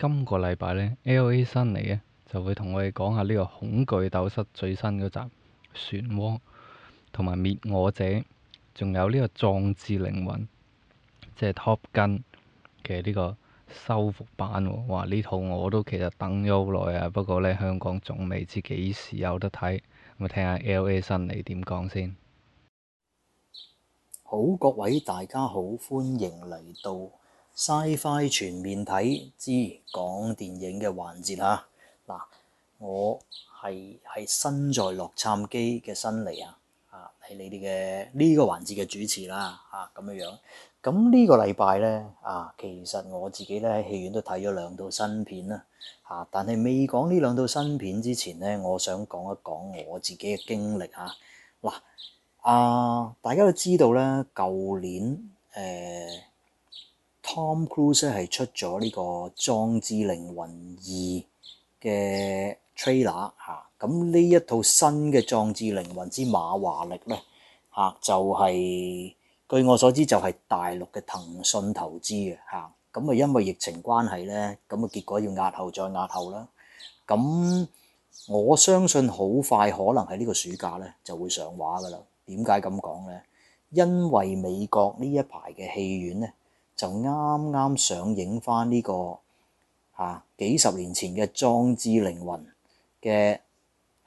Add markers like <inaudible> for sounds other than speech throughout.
今個禮拜呢 LA 辛尼咧，就會同我哋講下呢個《恐懼鬥室》最新嗰集《漩渦》，同埋《滅我者》，仲有呢個《壯志凌雲》，即係 Top Gun 嘅呢個修復版喎、哦。哇！呢套我都其實等咗好耐啊，不過呢，香港仲未知幾時有得睇。我啊，聽下 LA 辛尼點講先。好，各位大家好，歡迎嚟到。Sci-Fi 全面睇之講電影嘅環節啊！嗱，我係係身在洛杉磯嘅新嚟啊，啊，係你哋嘅呢個環節嘅主持啦，啊咁樣樣。咁呢個禮拜咧，啊，其實我自己咧喺戲院都睇咗兩套新片啦，啊，但係未講呢兩套新片之前咧，我想講一講我自己嘅經歷嚇。嗱，啊，啊，大家都知道咧，舊年誒。呃 Tom Cruise 係出咗呢、這個《壯志凌雲二》嘅 trailer 嚇，咁呢一套新嘅《壯志凌雲之馬華力》呢咧嚇就係、是、據我所知就係大陸嘅騰訊投資嘅嚇，咁啊因為疫情關係咧，咁啊結果要壓後再壓後啦，咁我相信好快可能喺呢個暑假咧就會上畫㗎啦。點解咁講咧？因為美國呢一排嘅戲院咧。就啱啱上映翻、這、呢個嚇幾十年前嘅《壯志凌雲》嘅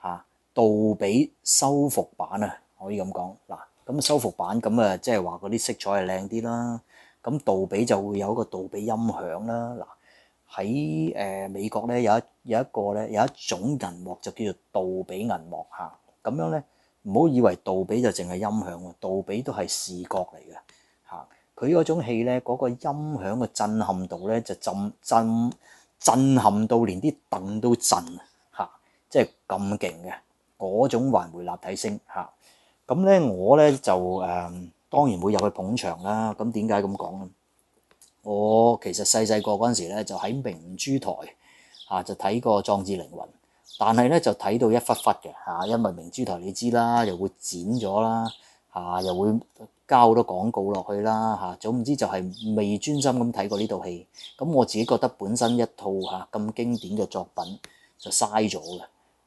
嚇杜比修復版啊，可以咁講嗱。咁修復版咁誒，即係話嗰啲色彩係靚啲啦。咁杜比就會有一個杜比音響啦。嗱喺誒美國咧有一有一個咧有，有一種銀幕就叫做杜比銀幕嚇。咁樣咧唔好以為杜比就淨係音響喎，杜比都係視覺嚟嘅。佢嗰種戲咧，嗰、那個音響嘅震撼度咧，就震震震，震撼到連啲凳都震啊！即係咁勁嘅嗰種環迴立體聲嚇。咁、啊、咧、嗯，我咧就誒、嗯，當然會入去捧場啦。咁點解咁講咧？我其實細細個嗰陣時咧，就喺明珠台嚇、啊、就睇過《壯志凌雲》但呢，但係咧就睇到一忽忽嘅嚇，因為明珠台你知啦，又會剪咗啦嚇，又會。交好多廣告落去啦，嚇，總唔知就係未專心咁睇過呢套戲。咁我自己覺得本身一套嚇咁經典嘅作品就嘥咗嘅，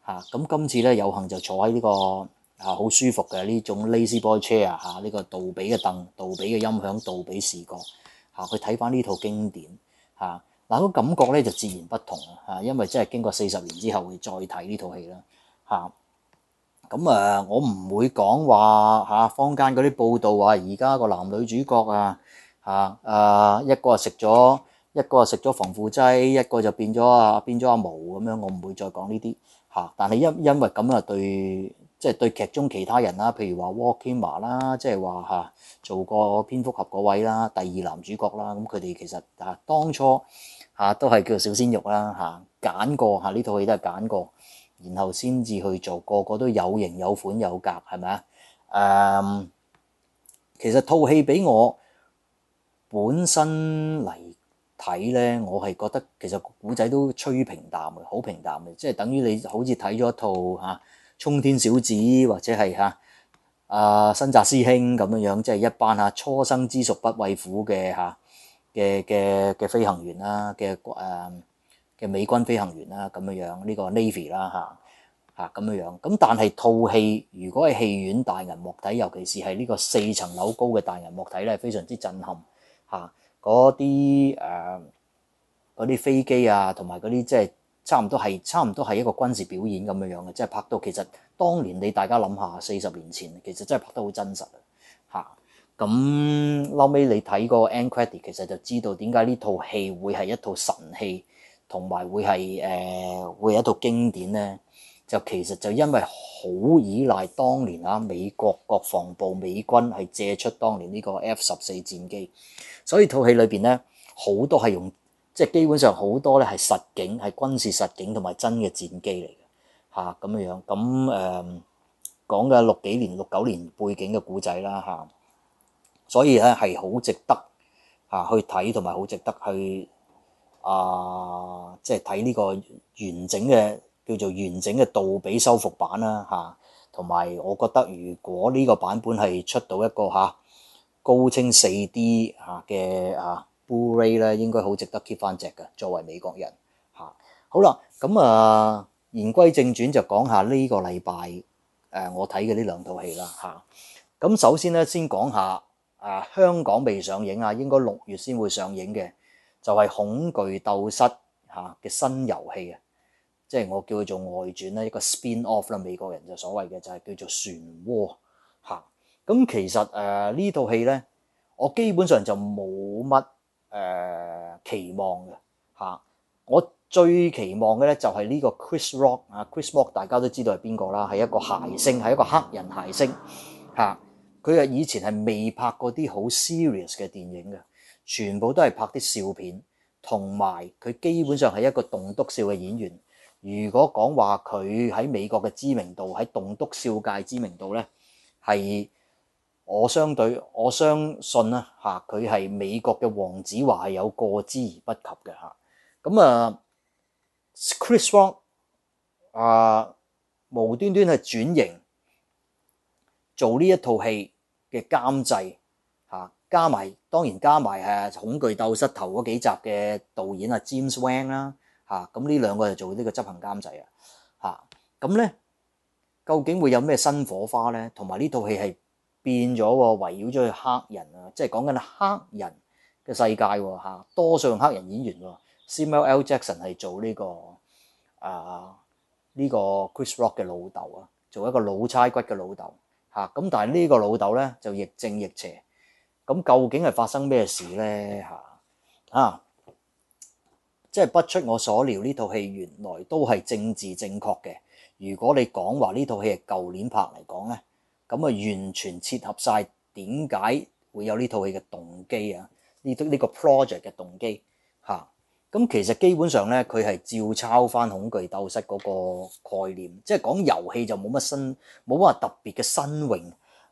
嚇。咁今次咧有幸就坐喺呢個嚇好舒服嘅呢種 lazy boy chair 嚇，呢個杜比嘅凳、杜比嘅音響、杜比視覺嚇，去睇翻呢套經典嚇。嗱個感覺咧就自然不同啊，嚇，因為真係經過四十年之後會再睇呢套戲啦，嚇。咁啊，我唔會講話嚇坊間嗰啲報道話，而家個男女主角啊嚇啊一個啊食咗，一個啊食咗防腐劑，一個就變咗啊變咗阿毛咁樣，我唔會再講呢啲嚇。但係因因為咁啊，對即係對劇中其他人啦，譬如話 Val Kilmer 啦，即係話嚇做個蝙蝠俠嗰位啦，第二男主角啦，咁佢哋其實嚇當初嚇都係叫小鮮肉啦嚇，揀過嚇呢套戲都係揀過。然後先至去做，個個都有型有款有格，係咪啊？誒、um，其實套戲俾我本身嚟睇咧，我係覺得其實古仔都趨於平淡嘅，好平淡嘅，即係等於你好似睇咗一套嚇《沖、啊、天小子》或者係嚇阿新紮師兄咁樣樣，即係一班嚇、啊、初生之犢不畏虎嘅嚇嘅嘅嘅飛行員啦嘅誒。美軍飛行員啦，咁樣樣呢、呢個 Navy 啦、啊、吓，嚇咁樣樣，咁、啊、但係套戲如果係戲院大銀幕睇，尤其是係呢個四層樓高嘅大銀幕睇咧，非常之震撼嚇。嗰啲誒嗰啲飛機啊，同埋嗰啲即係差唔多係差唔多係一個軍事表演咁樣樣嘅，即係拍到其實當年你大家諗下，四十年前其實真係拍得好真實嚇。咁、啊、後尾你睇個 End Credit 其實就知道點解呢套戲會係一套神戲。同埋會係誒、呃、會有一套經典咧，就其實就因為好依賴當年啊美國國防部、美軍係借出當年呢個 F 十四戰機，所以套戲裏邊咧好多係用即係基本上好多咧係實景係軍事實景同埋真嘅戰機嚟嘅嚇，咁樣樣，咁、誒講嘅六幾年六九年背景嘅古仔啦嚇，所以咧係好值得嚇去睇同埋好值得去。啊，即係睇呢個完整嘅叫做完整嘅杜比修復版啦嚇，同、啊、埋我覺得如果呢個版本係出到一個嚇、啊、高清四 D 嚇嘅啊 Blu-ray 咧，應該好值得 keep 翻隻嘅，作為美國人嚇、啊。好啦，咁啊言歸正傳，就講下呢個禮拜誒我睇嘅呢兩套戲啦嚇。咁、啊、首先咧，先講下啊香港未上映啊，應該六月先會上映嘅。就係恐懼鬥室嚇嘅新遊戲啊，即係我叫佢做外傳咧，一個 spin off 啦，美國人就所謂嘅就係、是、叫做漩渦嚇。咁其實誒呢套戲咧，我基本上就冇乜誒期望嘅嚇。我最期望嘅咧就係呢個 Chris Rock 啊，Chris Rock 大家都知道係邊個啦，係一個諧星，係一個黑人諧星嚇。佢係以前係未拍過啲好 serious 嘅電影嘅。全部都係拍啲笑片，同埋佢基本上係一個棟篤笑嘅演員。如果講話佢喺美國嘅知名度，喺棟篤笑界知名度咧，係我相對我相信啦吓，佢係美國嘅黃子華有過之而不及嘅吓，咁啊，Chris Rock 啊，無端端係轉型做呢一套戲嘅監製。加埋當然加埋誒《恐懼鬥室》頭嗰幾集嘅導演 James Wan，啊 James Wan 啦嚇，咁呢兩個就做呢個執行監製啊嚇。咁、嗯、咧究竟會有咩新火花咧？同埋呢套戲係變咗喎，圍繞咗去黑人啊，即係講緊黑人嘅世界喎、啊、多數用黑人演員喎。Samuel、啊、L. L. Jackson 係做呢、這個啊呢、這個 Chris Rock 嘅老豆啊，做一個老差骨嘅老豆嚇。咁、啊、但係呢個老豆咧就亦正亦邪。咁究竟係發生咩事咧？嚇啊！即係不出我所料，呢套戲原來都係政治正確嘅。如果你講話呢套戲係舊年拍嚟講咧，咁啊完全切合晒點解會有呢套戲嘅動機、這個、啊？呢呢個 project 嘅動機嚇。咁其實基本上咧，佢係照抄翻《恐懼鬥室》嗰個概念，即係講遊戲就冇乜新，冇乜話特別嘅新穎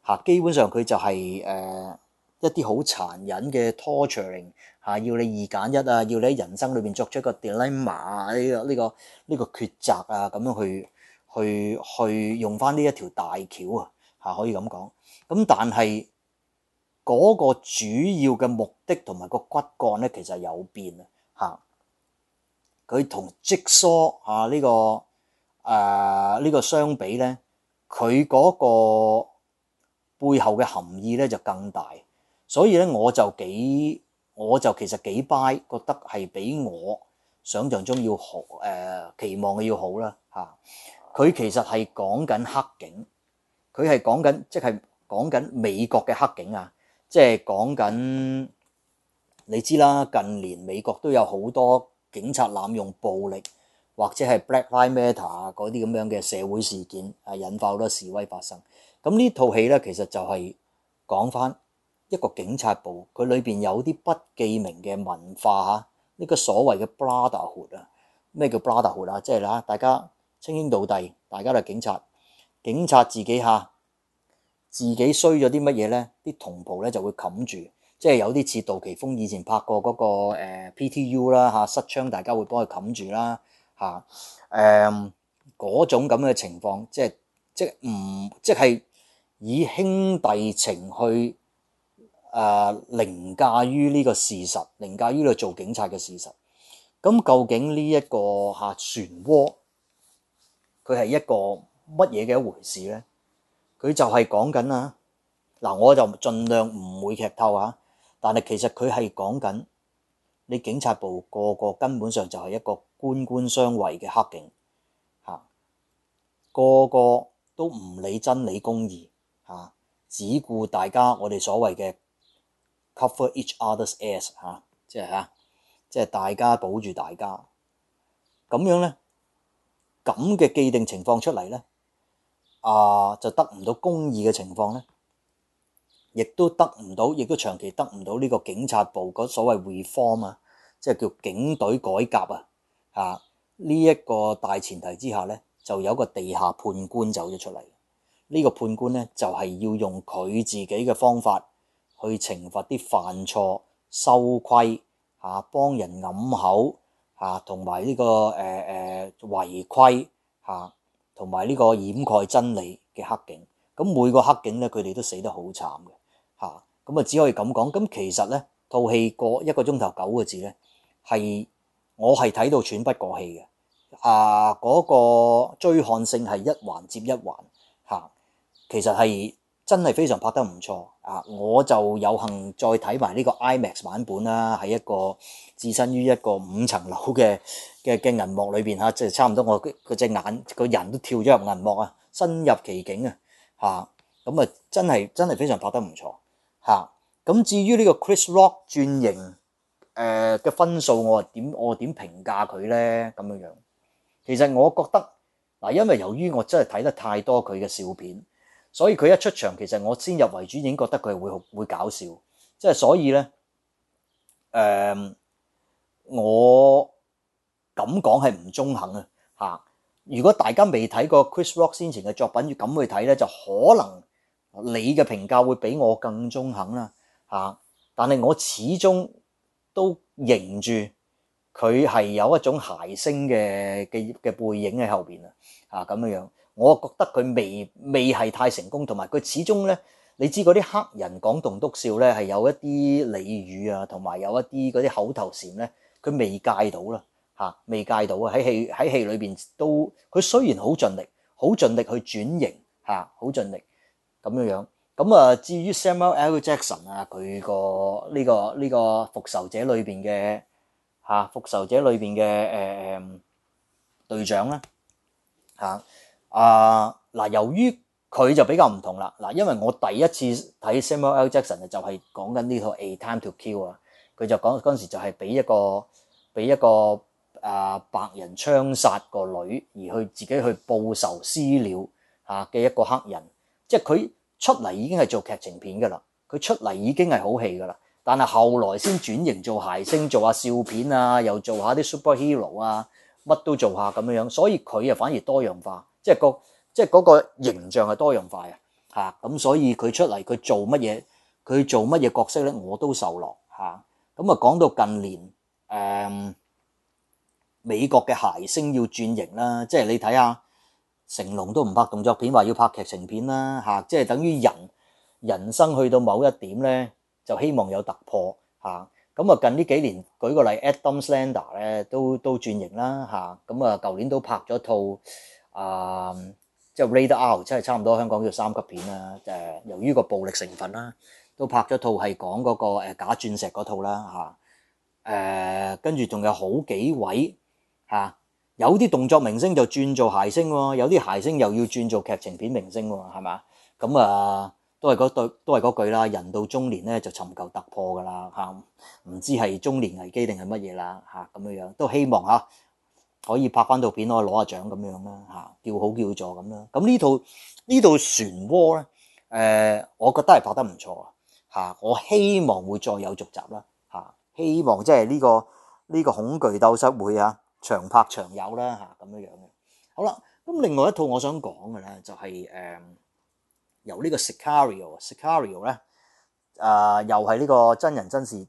嚇、啊。基本上佢就係、是、誒。呃一啲好殘忍嘅 torturing 嚇，要你二揀一啊，要你喺人生裏邊作出一個 dilemma 呢、呢個呢、呢個呢、呢個抉擇啊，咁樣去去去用翻呢一條大橋啊嚇，可以咁講。咁但係嗰、嗰個主要嘅目的同埋個骨幹咧，其實有變啊嚇。佢同積疏啊、呢、呢個誒呢、呃呢個相比咧，佢嗰個背後嘅含義咧就更大。所以咧，我就幾我就其實幾 by 覺得係比我想像中要好誒、呃，期望嘅要好啦嚇。佢、啊、其實係講緊黑警，佢係講緊即係講緊美國嘅黑警啊，即係講緊你知啦，近年美國都有好多警察濫用暴力或者係 Black Lives Matter 嗰啲咁樣嘅社會事件啊，引發好多示威發生。咁呢套戲咧，其實就係講返。一個警察部，佢裏邊有啲不記名嘅文化嚇。呢個所謂嘅 brotherhood 啊，咩叫 brotherhood？即係啦，大家稱兄道弟，大家都係警察，警察自己嚇自己衰咗啲乜嘢咧？啲同袍咧就會冚住，即係有啲似杜琪峰以前拍過嗰個 P.T.U 啦嚇，失槍大家會幫佢冚住啦嚇誒嗰種咁嘅情況，即係即唔即係以兄弟情去。誒凌駕於呢個事實，凌駕於佢做警察嘅事實。咁究竟呢一個嚇漩渦，佢係一個乜嘢嘅一回事咧？佢就係講緊啊。嗱，我就盡量唔會劇透嚇。但係其實佢係講緊你警察部個個根本上就係一個官官相衛嘅黑警嚇，個個都唔理真理公義嚇，只顧大家我哋所謂嘅。Cover each other's ass 即係嚇，即係大家保住大家，咁樣咧，咁嘅既定情況出嚟咧，啊，就得唔到公義嘅情況咧，亦都得唔到，亦都長期得唔到呢個警察部嗰所謂 reform 啊，即係叫警隊改革啊，啊，呢一個大前提之下咧，就有個地下判官走咗出嚟，呢個判官咧就係要用佢自己嘅方法。去懲罰啲犯錯、收規嚇、幫人揞口嚇，同埋呢個誒誒違規嚇，同埋呢個掩蓋真理嘅黑警。咁每個黑警咧，佢哋都死得好慘嘅嚇。咁啊，只可以咁講。咁其實咧，套戲過一個鐘頭九個字咧，係我係睇到喘不過氣嘅。啊，嗰、嗰個追看性係一環接一環嚇，啊，其實係。真係非常拍得唔錯啊！我就有幸再睇埋呢個 IMAX 版本啦，喺一個置身於一個五層樓嘅嘅嘅銀幕裏邊嚇，即係差唔多我嗰隻眼個人都跳咗入銀幕啊，身入其境啊嚇！咁啊，真係真係非常拍得唔錯嚇。咁至於呢個 Chris Rock 轉型誒嘅分數，我點我點評價佢咧？咁樣樣，其實我覺得嗱，因為由於我真係睇得太多佢嘅笑片。所以佢一出場，其實我先入為主已經覺得佢會好會搞笑，即係所以咧，誒、呃，我咁講係唔中肯啊！嚇，如果大家未睇過 Chris Rock 先前嘅作品，要咁去睇咧，就可能你嘅評價會比我更中肯啦！嚇，但係我始終都認住佢係有一種諧星嘅嘅嘅背影喺後邊啊！嚇，咁樣。我覺得佢未未係太成功，同埋佢始終咧，你知嗰啲黑人講棟篤笑咧係有一啲俚語啊，同埋有，有一啲嗰啲口頭禪咧，佢未戒到啦嚇、啊，未戒到啊！喺戲喺戲裏邊都，佢雖然好盡力，好盡力去轉型嚇，好、啊、盡力咁樣樣。咁啊，至於 Samuel L. Jackson 啊、呢個，佢、呢個呢個呢個復仇者裏邊嘅嚇，復仇者裏邊嘅誒誒隊長咧嚇。啊啊嗱，uh, 由於佢就比較唔同啦嗱，因為我第一次睇 Samuel L. Jackson 就係講緊呢套《A Time to Kill》啊，佢就講嗰陣時就係俾一個俾一個啊白人槍殺個女，而去自己去報仇私了嚇嘅一個黑人，即係佢出嚟已經係做劇情片㗎啦，佢出嚟已經係好戲㗎啦，但係後來先轉型做諧星，做下笑片啊，又做下啲 superhero 啊，乜都做下咁樣樣，所以佢啊反而多元化。即係個，即係嗰個形象係多樣化啊！嚇咁，所以佢出嚟佢做乜嘢，佢做乜嘢角色咧，我都受落嚇。咁啊，講到近年，誒美國嘅諧星要轉型啦，即係你睇下，成龍都唔拍動作片，話要拍劇情片啦嚇。即係等於人人生去到某一點咧，就希望有突破嚇。咁啊，近呢幾年，舉個例，Adam Sandler 咧都都轉型啦嚇。咁啊，舊年都拍咗套。啊，即係、uh, rated R，即係差唔多香港叫三級片啦。誒、呃，由於個暴力成分啦，都拍咗套係講嗰個假鑽石嗰套啦嚇。誒、啊，跟住仲有好幾位嚇、啊，有啲動作明星就轉做鞋星喎，有啲鞋星又要轉做劇情片明星喎，係嘛？咁、嗯、啊，都係嗰都係句啦，人到中年咧就尋求突破噶啦嚇，唔、啊、知係中年危機定係乜嘢啦嚇咁樣，都希望嚇。啊可以拍翻套片攞攞下獎咁樣啦，吓，叫好叫座咁啦。咁呢套呢套漩渦咧，誒，我覺得係拍得唔錯啊，吓！我希望會再有續集啦，吓！希望即係呢個呢個恐懼鬥室會啊長拍長有啦，吓咁樣樣嘅。好啦，咁另外一套我想講嘅咧，就係誒由呢個《Sicario》《Sicario》咧，誒又係呢個真人真事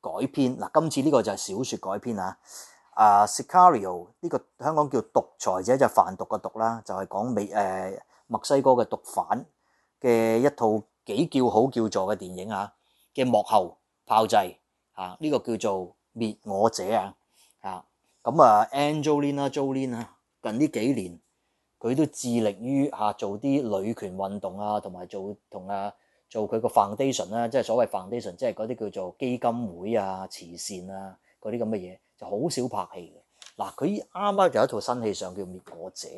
改編。嗱，今次呢個就係小說改編啊。啊、uh,，Sicario 呢個香港叫毒裁者就是、販毒嘅毒啦，就係、是、講美誒、uh, 墨西哥嘅毒販嘅一套幾叫好叫座嘅電影啊嘅、uh, 幕後炮製啊呢、uh, 個叫做滅我者啊啊咁、uh, 啊 Angelina Jolie 啊近呢幾年佢都致力於啊、uh, 做啲女權運動啊同埋做同啊、uh, 做佢個 foundation 啦、uh,，即係所謂 foundation 即係嗰啲叫做基金會啊、uh, 慈善啊嗰啲咁嘅嘢。Uh, 好少拍戲嘅嗱，佢啱啱就有一套新戲上叫《滅我者》，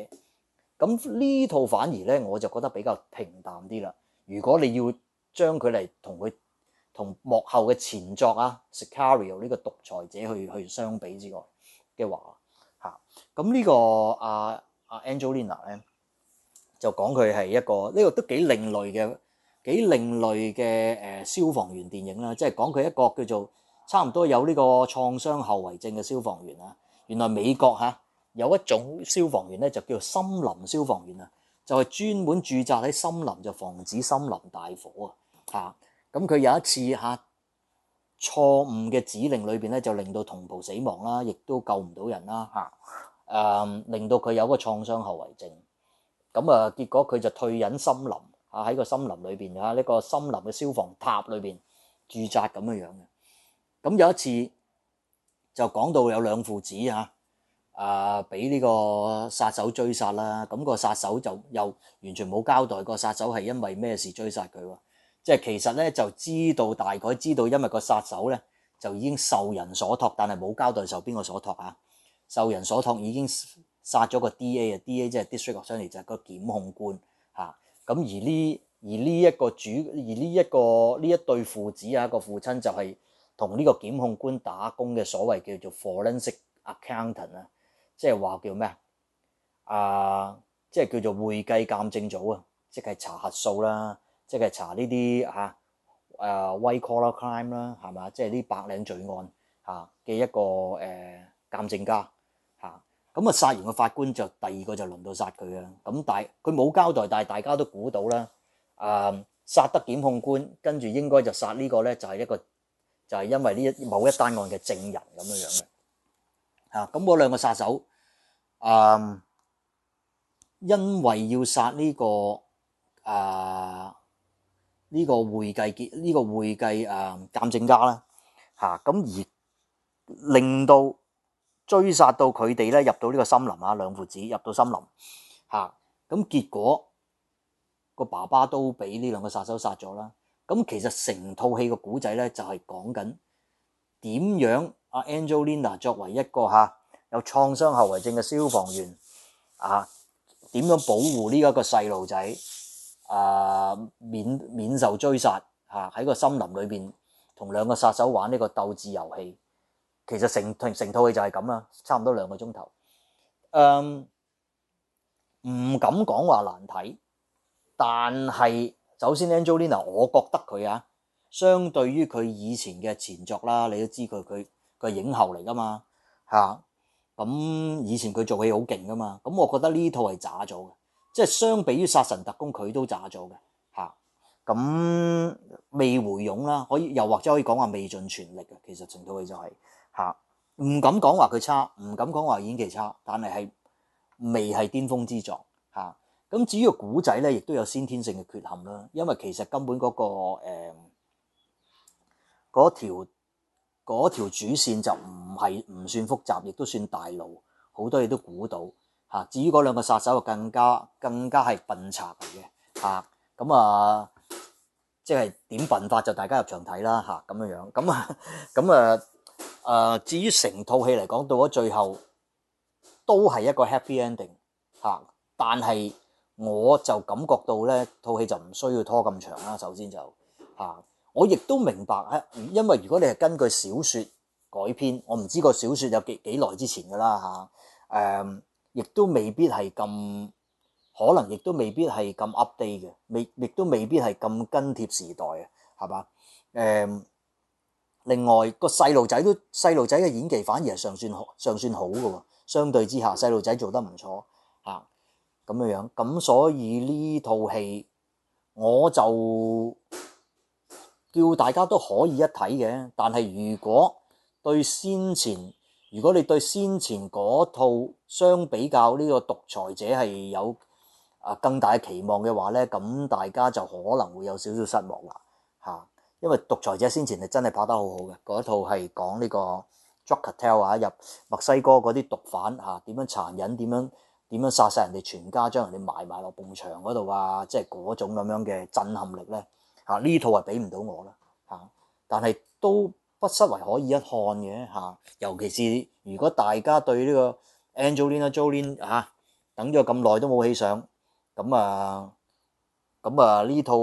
咁呢套反而咧我就覺得比較平淡啲啦。如果你要將佢嚟同佢同幕後嘅前作啊《Sicario》呢個獨裁者去去相比之外嘅話，嚇、嗯、咁、這個啊、呢個阿阿 Angelina 咧就講佢係一個呢、這個都幾另類嘅幾另類嘅誒消防員電影啦，即係講佢一個叫做。差唔多有呢個創傷後遺症嘅消防員啊。原來美國嚇有一種消防員咧，就叫做森林消防員啊，就係、是、專門駐紮喺森林就防止森林大火啊。嚇咁佢有一次嚇、啊、錯誤嘅指令裏邊咧，就令到同袍死亡啦，亦都救唔到人啦。嚇、啊、誒、嗯，令到佢有個創傷後遺症。咁啊，結果佢就退隱森林啊，喺個森林裏邊啊，呢、這個森林嘅消防塔裏邊駐紮咁樣樣嘅。咁有一次就講到有兩父子吓，啊俾呢個殺手追殺啦。咁、啊嗰個殺手就又完全冇交代個殺手係因為咩事追殺佢喎。即係其實咧就知道大概知道，因為個殺手咧就已經受人所託，但係冇交代受邊個所託啊。受人所託已經殺咗個 D.A. 啊，D.A. 即係 District Attorney 就係個檢控官吓。咁、啊啊、而呢而呢一個主而呢一個呢一對父子啊個父親就係、係。同呢個檢控官打工嘅所謂叫做 forensic accountant 啊，即係話叫咩啊？即係叫做會計鑑證組啊，即係查核數啦，即係查呢啲嚇誒 white collar crime 啦，係嘛？即係啲白領罪案嚇嘅一個誒、啊、鑑證家嚇。咁啊殺完個法官，就第二個就輪到殺佢啊。咁但係佢冇交代，但係大家都估到啦。啊，殺得檢控官，跟住應該就殺呢個咧，就係一個。就係因為呢一某一單案嘅證人咁樣樣嘅，啊，咁嗰兩個殺手，嗯，因為要殺呢個啊呢個會計結呢個會計鑑啊鑑證家啦，嚇，咁而令到追殺到佢哋咧入到呢個森林啊，兩父子入到森林嚇，咁結果個爸爸都俾呢兩個殺手殺咗啦。咁其實成套戲嘅故仔咧，就係講緊點樣阿 Angelina 作為一個吓有創傷後遺症嘅消防員啊，點樣保護呢一個細路仔啊，免免受追殺吓喺、啊、個森林裏邊同兩個殺手玩呢個鬥智遊戲。其實成成套戲就係咁啦，差唔多兩個鐘頭。嗯、啊，唔敢講話難睇，但係。首先，Angelina，我覺得佢啊，相對於佢以前嘅前作啦，你都知佢佢佢影后嚟噶嘛嚇。咁以前佢做戲好勁噶嘛，咁我覺得呢套係渣咗嘅，即係相比於《殺神特工》，佢都渣咗嘅嚇。咁、嗯、未回勇啦，可以又或者可以講話未盡全力嘅，其實程度佢就係、是、嚇，唔敢講話佢差，唔敢講話演技差，但係係未係巔峰之作嚇。咁至於個古仔咧，亦都有先天性嘅缺陷啦，因為其實根本嗰個誒嗰條嗰條主線就唔係唔算複雜，亦都算大路，好多嘢都估到嚇。至於嗰兩個殺手，更加更加係笨賊嚟嘅嚇。咁啊，啊，即係點笨法就大家入場睇啦嚇咁樣樣。咁啊咁啊誒，至於成套戲嚟講，到咗最後都係一個 happy ending 嚇，啊，但係。我就感覺到咧，套戲就唔需要拖咁長啦。首先就嚇、啊，我亦都明白啊，因為如果你係根據小説改編，我唔知個小説有幾幾耐之前噶啦嚇，誒、啊，亦、啊、都未必係咁，可能亦都未必係咁 update 嘅，未亦都未必係咁跟貼時代啊，係嘛？誒，另外、嗰個細路仔都細路仔嘅演技反而係尚算尚算好嘅喎，相對之下細路仔做得唔錯。咁樣樣，咁所以呢套戲我就叫大家都可以一睇嘅。但係如果對先前，如果你對先前嗰套相比較呢個《獨裁者》係有啊更大嘅期望嘅話咧，咁大家就可能會有少少失望啦嚇。因為《獨裁者》先前係真係拍得好好嘅，嗰套係講呢個 drug cartel 入墨西哥嗰啲毒販嚇，點樣殘忍點樣。點樣殺晒人哋全家，將人哋埋埋落墳場嗰度啊！即係嗰種咁樣嘅震撼力咧嚇，呢套係俾唔到我啦嚇，但係都不失為可以一看嘅嚇。尤其是如果大家對呢個 Angelina Jolie 嚇、啊、等咗咁耐都冇戲上，咁啊咁啊呢套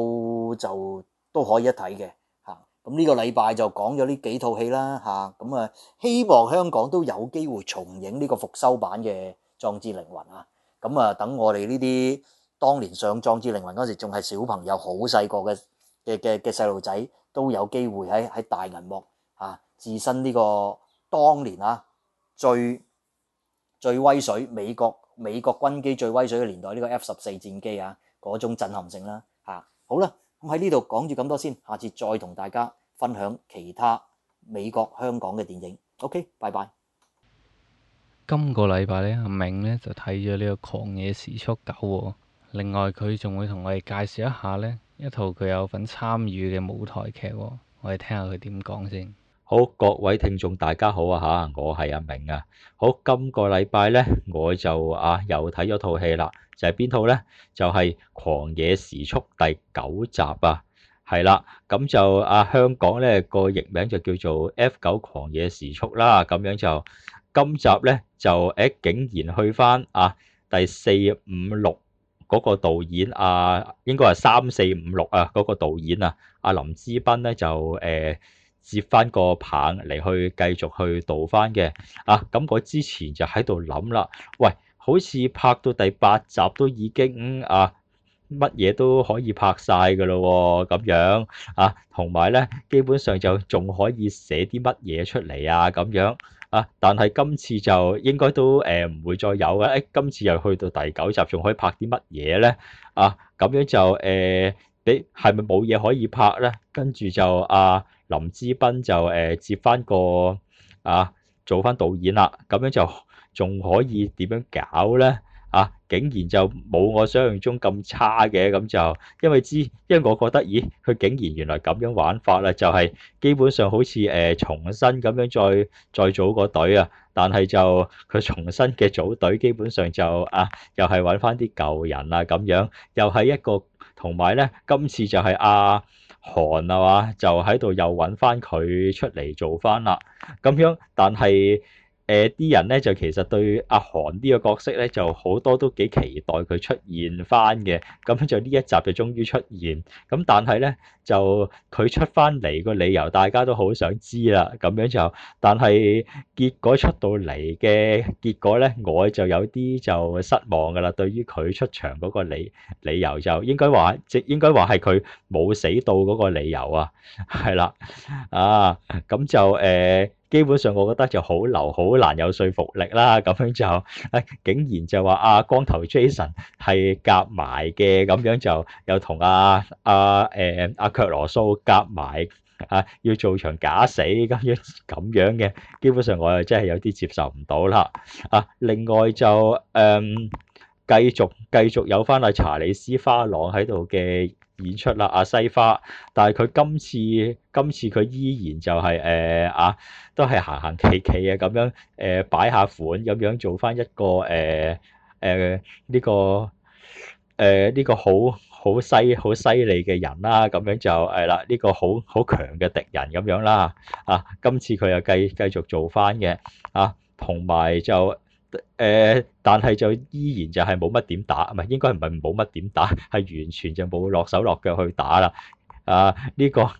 就都可以一睇嘅嚇。咁呢個禮拜就講咗呢幾套戲啦嚇，咁啊希望香港都有機會重影呢個復修版嘅。壯志凌雲啊！咁啊，等我哋呢啲當年上《壯志凌雲》嗰時仲係小朋友，好細個嘅嘅嘅嘅細路仔，都有機會喺喺大銀幕啊，置身呢個當年啊最最威水美國美國軍機最威水嘅年代呢個 F 十四戰機啊嗰種震撼性啦吓，好啦，咁喺呢度講住咁多先，下次再同大家分享其他美國香港嘅電影。OK，拜拜。今個禮拜咧，阿明咧就睇咗呢個《狂野時速九》喎。另外佢仲會同我哋介紹一下咧，一套佢有份參與嘅舞台劇喎。我哋聽下佢點講先。好，各位聽眾大家好啊嚇，我係阿明啊。好，今個禮拜咧，我就啊又睇咗套戲啦，就係邊套咧？就係《狂野時速》第九集啊。係啦，咁就啊香港咧個譯名就叫做《F9 狂野時速》啦，咁樣就。今集咧就誒、哎，竟然去翻啊第四五六嗰個，啊啊嗰個導演啊，應該係三四五六啊嗰個導演啊，阿林志斌咧就誒、呃、接翻個棒嚟去繼續去導翻嘅啊。咁我之前就喺度諗啦，喂，好似拍到第八集都已經啊，乜嘢都可以拍晒㗎咯喎，咁樣啊，同埋咧基本上就仲可以寫啲乜嘢出嚟啊，咁樣。啊！但係今次就應該都誒唔會再有嘅。誒今次又去到第九集，仲可以拍啲乜嘢咧？啊咁樣就誒，你係咪冇嘢可以拍咧？跟住就阿林志斌就誒接翻個啊，做翻導演啦。咁樣就仲可以點樣搞咧？啊！竟然就冇我想像中咁差嘅，咁就因為知，因為我覺得，咦，佢竟然原來咁樣玩法啦、啊，就係、是、基本上好似誒、呃、重新咁樣再再組個隊啊，但係就佢重新嘅組隊基本上就啊，又係搵返啲舊人啊咁樣，又係一個同埋咧，今次就係阿、啊、韓啊嘛，就喺度又搵返佢出嚟做返啦，咁樣，但係。誒啲人咧就其實對阿韓呢個角色咧就好多都幾期待佢出現翻嘅，咁樣就呢一集就終於出現。咁但係咧就佢出翻嚟個理由，大家都好想知啦。咁樣就，但係結果出到嚟嘅結果咧，我就有啲就失望噶啦。對於佢出場嗰個理理由，就應該話即應該話係佢冇死到嗰個理由啊，係啦，啊咁就誒。基本上我覺得就好流，好難有說服力啦。咁樣就誒、啊，竟然就話阿、啊、光頭 Jason 係夾埋嘅，咁樣就又、啊啊啊啊、同阿阿誒阿卻羅素夾埋啊，要做場假死咁樣咁樣嘅。基本上我就真係有啲接受唔到啦。啊，另外就誒繼、嗯、續繼續有返阿查理斯花朗喺度嘅。演出啦，阿、啊、西花，但係佢今次今次佢依然就係、係、誒、呃、啊，都係行行企企嘅咁樣誒、呃、擺下款咁樣做翻一個誒誒呢個誒呢、呃呢個好好犀好犀利嘅人啦，咁樣就係啦，呢、呢個好好強嘅敵人咁樣啦啊，今次佢又繼繼續做翻嘅啊，同埋就。誒、呃，但係就依然就係冇乜點打，唔係應該唔係冇乜點打，係完全就冇落手落腳去打啦，啊、呃、呢個。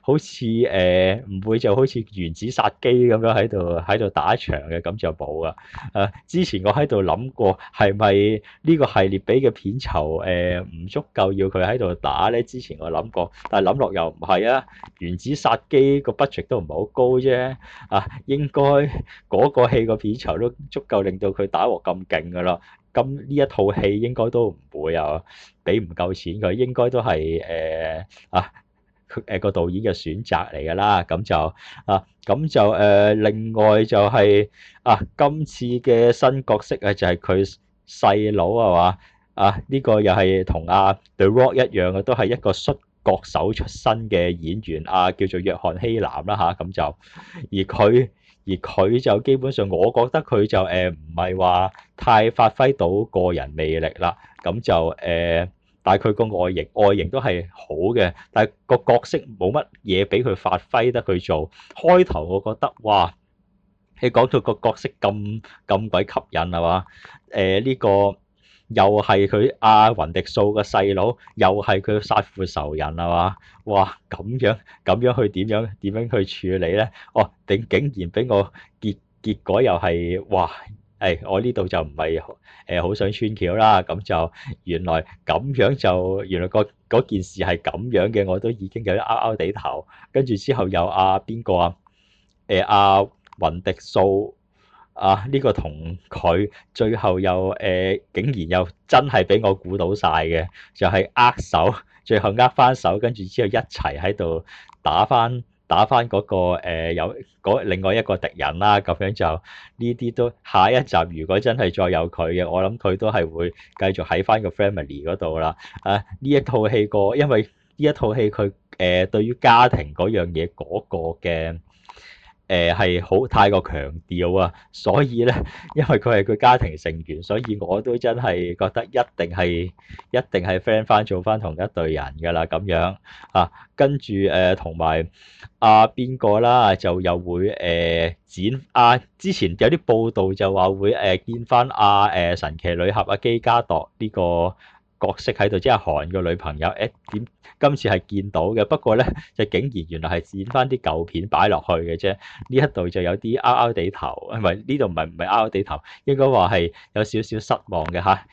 好似誒唔會就好似原子殺機咁樣喺度喺度打場嘅咁就冇啦。誒之前我喺度諗過係咪呢個系列俾嘅片酬誒唔足夠要佢喺度打咧？之前我諗過，、呃、過，但係諗落又唔係啊！原子殺機個 budget 都唔係好高啫。啊，應該嗰個戲個片酬都足夠令到佢打鑊咁勁噶啦。咁呢一套戲應該都唔會啊，俾唔夠錢佢，應該都係誒、呃、啊。誒個導演嘅選擇嚟㗎啦，咁就啊，咁就誒、呃、另外就係、是、啊，今次嘅新角色就弟弟啊，就係佢細佬係話啊，呢個又係同阿 The Rock 一樣嘅，都係一個摔角手出身嘅演員啊，叫做約翰希南啦吓，咁、啊、就而佢而佢就基本上我覺得佢就誒唔係話太發揮到個人魅力啦，咁就誒。呃但係佢個外形外形都係好嘅，但係個角色冇乜嘢俾佢發揮得佢做。開頭我覺得哇，你講到個角色咁咁鬼吸引係嘛？誒、呃、呢、呢個又係佢阿雲迪素嘅細佬，又係佢殺父仇人係嘛？哇咁樣咁樣去點樣點樣去處理咧？哦，定竟然俾我結結果又係哇！誒、哎，我呢度就唔係誒好想穿橋啦，咁就原來咁樣就原來個嗰件事係咁樣嘅，我都已經有啲拗拗地頭。跟住之後有阿邊個啊？誒阿、啊呃啊、雲迪素啊，呢、這個同佢最後又誒、呃，竟然又真係俾我估到晒嘅，就係、是、握手，最後握翻手，跟住之後一齊喺度打翻。打翻、嗰、嗰個有、呃、另外一個敵人啦，咁樣就呢啲都下一集如果真係再有佢嘅，我諗佢都係會繼續喺翻個 family 嗰度啦。啊、呃，呢一套戲個因為呢一套戲佢誒、呃、對於家庭嗰樣嘢嗰、嗰個嘅。誒係好太過強調啊，所以咧，因為佢係佢家庭成員，所以我都真係覺得一定係一定係 friend 翻做翻同一隊人㗎啦咁樣啊，跟住誒同埋阿邊個啦，就又會誒、呃、剪阿、啊、之前有啲報道就話會誒、呃、見翻阿誒神奇女俠阿、啊、基加鐸呢、這個。角色喺度，即係韓嘅女朋友。誒、哎、點？今次係見到嘅，不過咧就竟然原來係剪翻啲舊片擺落去嘅啫。呢一度就有啲拗拗地頭，唔係呢度唔係唔係拗地頭，應該話係有少少失望嘅嚇。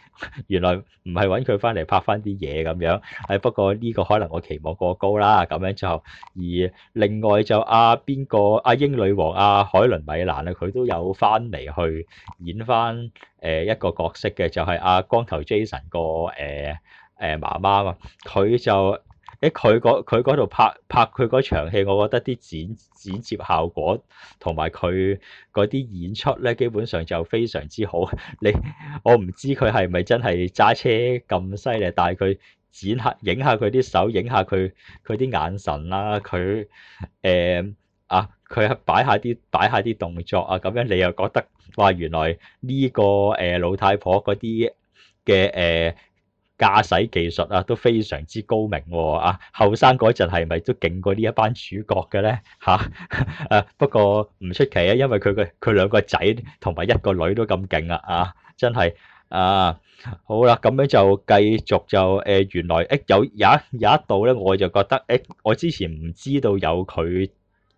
原來唔係揾佢翻嚟拍翻啲嘢咁樣。誒、哎、不過呢個可能我期望過高啦，咁樣就。而另外就阿、啊、邊個阿、啊、英女王阿、啊、海倫米蘭啊，佢都有翻嚟去演翻。誒、呃、一個角色嘅就係、是、阿、啊、光頭 Jason 個誒誒媽媽啊，佢、呃呃、就誒佢嗰佢度拍拍佢嗰場戲，我覺得啲剪剪接效果同埋佢嗰啲演出咧，基本上就非常之好。你我唔知佢係咪真係揸車咁犀利，但係佢剪下影下佢啲手，影下佢佢啲眼神啦，佢誒。呃佢擺下啲擺下啲動作啊，咁樣你又覺得話原來呢個誒老太婆嗰啲嘅誒駕駛技術啊都非常之高明喎啊！後生嗰陣係咪都勁過呢一班主角嘅咧嚇？誒不過唔出奇啊，因為佢嘅佢兩個仔同埋一個女都咁勁啊！啊，真係啊，好啦，咁樣就繼續就誒原來誒有有一有一度咧，我就覺得誒我之前唔知道有佢。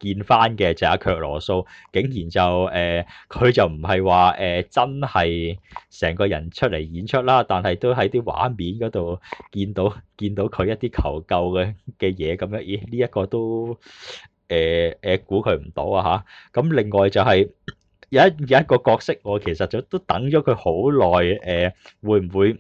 見翻嘅就阿卻羅素，竟然就誒，佢、呃、就唔係話誒真係成個人出嚟演出啦，但係都喺啲畫面嗰度見到見到佢一啲求救嘅嘅嘢咁樣，咦呢一個都誒誒、呃呃、估佢唔到啊吓，咁、啊、另外就係、是、有一有一個角色我其實就都等咗佢好耐誒，會唔會？